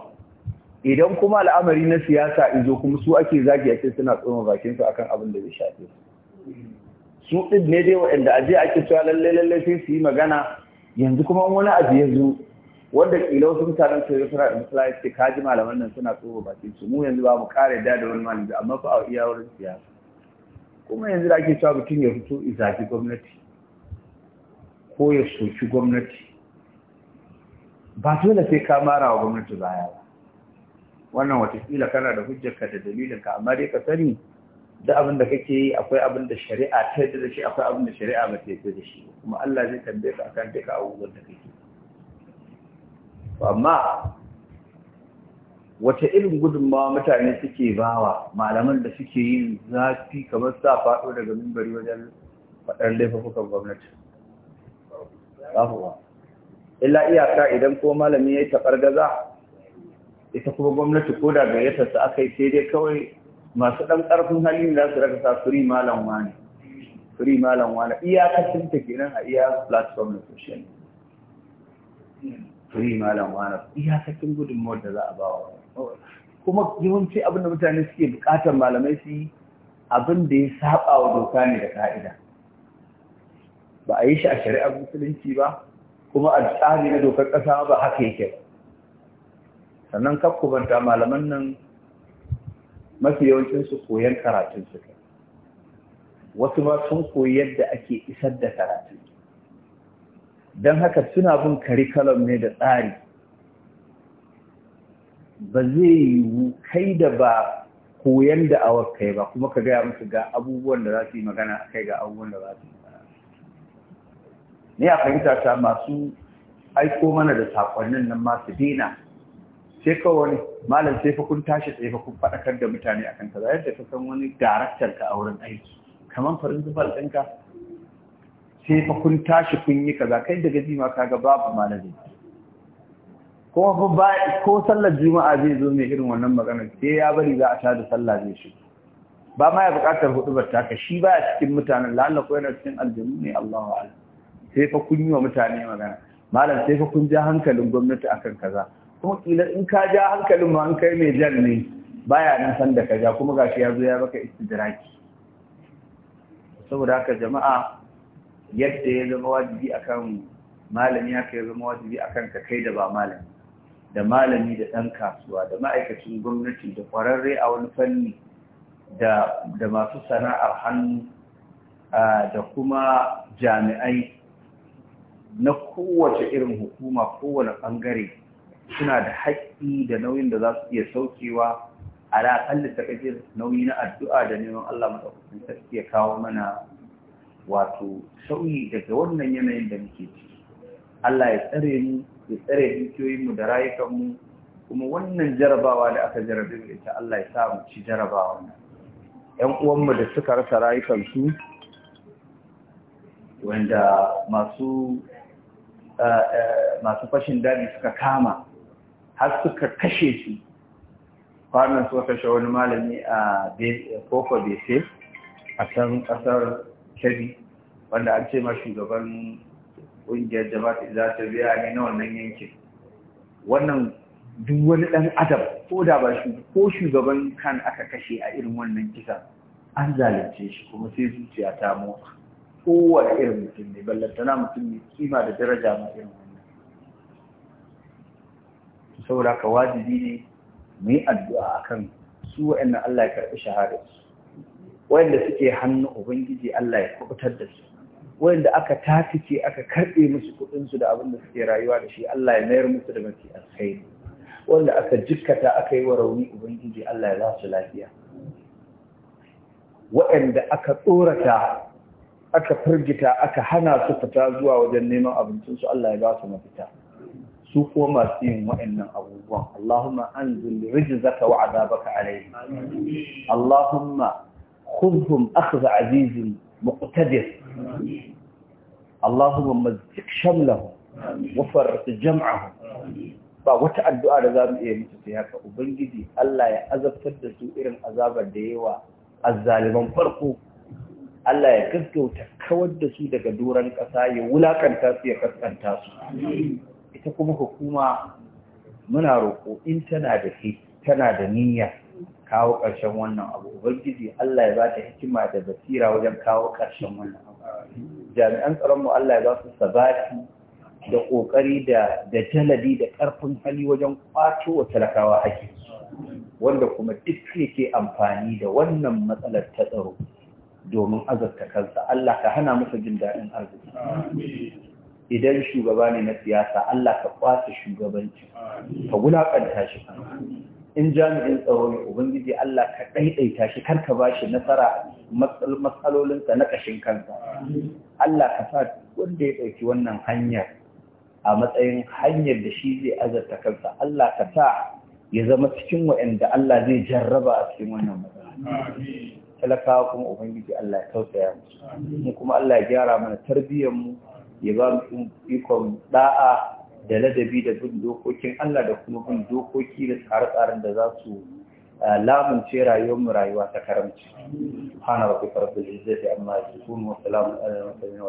idan kuma al'amari na siyasa izo kuma su ake zagi a ce suna tsoma bakin su akan abin da zai shafe su din ne dai waɗanda aje ake cewa lalle lalle sai su yi magana yanzu kuma wani abu ya zo wanda kila wasu mutanen su yi suna da misali ce kaji malaman nan suna tsoma bakin su mu yanzu ba mu kare da da wani malami amma fa a iya wurin siyasa kuma yanzu da ake cewa mutum ya fito izaki gwamnati ko ya soki gwamnati ba dole sai ka mara wa gwamnati baya ba wannan wata watakila kana da hujjarka da dalilinka amma dai ka sani da abin da kake yi akwai abin da shari'a ta yadda da shi akwai abin da shari'a ba ta yadda da shi kuma Allah zai tambaye ka akan duka abubuwan da kake amma wata irin gudunmawa mutane suke bawa malaman da suke yin zafi kamar sa faɗo daga mimbari wajen faɗar laifukan gwamnati. Babu ba. illa iyaka idan ko malami ya yi taɓargaza ita kuma gwamnati ko da gayyatarsa aka yi sai dai kawai masu ɗan ƙarfin halin da su raka sa firi malam wani firi malam wani sun ta kenan a iya platform na social firi malam wani iyakacin gudunmawar da za a ba wa kuma yawanci abin da mutane suke buƙatar malamai su yi abin da ya saba wa doka ne da ka'ida ba a yi shi a shari'ar musulunci ba kuma a tsari na dokar ƙasa ba haka yake sannan banta malaman nan mafi yawancinsu koyon karatun suka wasu ma sun koyi yadda ake isar da karatun don haka suna bin karikalam ne da tsari ba zai yiwu kai da ba koyan da awar kai ba kuma ka gaya musu ga abubuwan da za su yi magana kai ga abubuwan da za su yi ni a fahimta ta masu aiko mana da sakonnin nan masu dina sai kawai wani malam sai fa kun tashi sai fa kun faɗakar da mutane akan kaza yadda ka san wani daraktar ka a wurin aiki kamar principal ɗinka sai fa kun tashi kun yi kaza kai da gaji ma kaga babu malami ko fa ba ko sallar juma'a zai zo mai irin wannan magana sai ya bari za a ta da sallah zai shi ba ma ya buƙatar hudubar taka shi baya cikin mutanen lalla ko yana cikin aljanu ne Allahu a'lam sai fa kun yi wa mutane magana malam sai fa kun ja hankalin gwamnati akan kaza kuma kila in ka ja hankalin ma an kai mai jan ne baya nan san da ka kuma gashi ya zo ya baka istidraki saboda haka jama'a yadda ya zama wajibi akan malami haka ya zama wajibi akan ka kai da ba malami da malami da ɗan kasuwa da ma'aikacin gwamnati da kwararre a wani fanni da masu sana'ar hannu da kuma jami'ai na kowace irin hukuma kowane ɓangare suna da haƙƙi da nauyin da za su iya saukewa a raƙalli takajir nauyi na addu'a da neman Allah maɗaukakin ta ya kawo mana wato sauyi daga wannan yanayin da muke ciki Allah ya tsare mu ya tsare dukiyoyinmu da rayukanmu kuma wannan jarabawa da aka jarabe mu ita Allah ya sa mu ci jarabawa nan ƴan uwanmu da suka rasa rayukansu wanda masu masu fashin daji suka kama har suka kashe su kwanan suka kashe wani malami a kofa bese a can kasar kebi wanda an ce ma shugaban ƙungiyar jama'a za ta biya ne na wannan yankin wannan duk wani ɗan adam ko da ba shi ko shugaban kan aka kashe a irin wannan kisa an zalunce shi kuma sai zuciya ta motsa kowane irin mutum ne ballantana mutum ne kima da daraja ma irin wannan saboda ka wajibi ne muyi addu'a addu'a akan su wa'annan Allah ya karɓi su wa'anda suke hannu ubangiji Allah ya kubutar da su wa'anda aka tafice aka karɓe musu kuɗinsu da abin da suke rayuwa da shi Allah ya mayar musu da mafi alkhairi wanda aka jikkata aka yi wa rauni ubangiji Allah ya zasu lafiya wa'anda aka tsorata aka firgita aka hana su fita zuwa wajen neman abincinsu Allah ya ba su mafita su kuma masu yin wa'annan abubuwan Allahumma anzil rijzaka wa azabaka alayhi Allahumma khudhum akhdha azizin muqtadir Allahumma mazzik shamlahum wa farrij jam'ahum ba wata addu'a da zamu iya musu sai haka ubangiji Allah ya azabtar da su irin azabar da yawa azzaliman farko Allah ya gaggauta kawar da su daga doron ƙasa ya wulaƙanta su ya kaskanta su ita kuma hukuma muna roƙo in tana da ke tana da niyya kawo ƙarshen wannan abu ubangiji Allah ya ba ta hikima da basira wajen kawo ƙarshen wannan abu jami'an tsaronmu Allah ya ba su sabati da ƙoƙari da da da ƙarfin hali wajen ƙwato wa talakawa haƙƙi wanda kuma duk yake amfani da wannan matsalar ta tsaro domin azabta kansa Allah ka hana masa jin daɗin arziki idan shugaba ne na siyasa Allah ka kwace shugabanci ka tashi shi in jami'in tsaro ne ubangiji Allah ka ɗaiɗaita shi kar ka bashi nasara matsalolinsa na ƙashin kansa Allah ka sa wanda ya ɗauki wannan hanyar a matsayin hanyar da shi zai azarta kansa Allah ka sa ya zama cikin wa'anda Allah zai jarraba a cikin wannan matsala talakawa kuma ubangiji Allah ya tausaya mu mu kuma Allah ya gyara mana tarbiyyar mu ya ba mu ikon da'a da ladabi da bin dokokin Allah da kuma bin dokoki da tsare-tsaren da za su eh, lamunce rayuwar mu rayuwa ta karamci subhana rabbil izzati amma yasifun wa salamun alal mursalin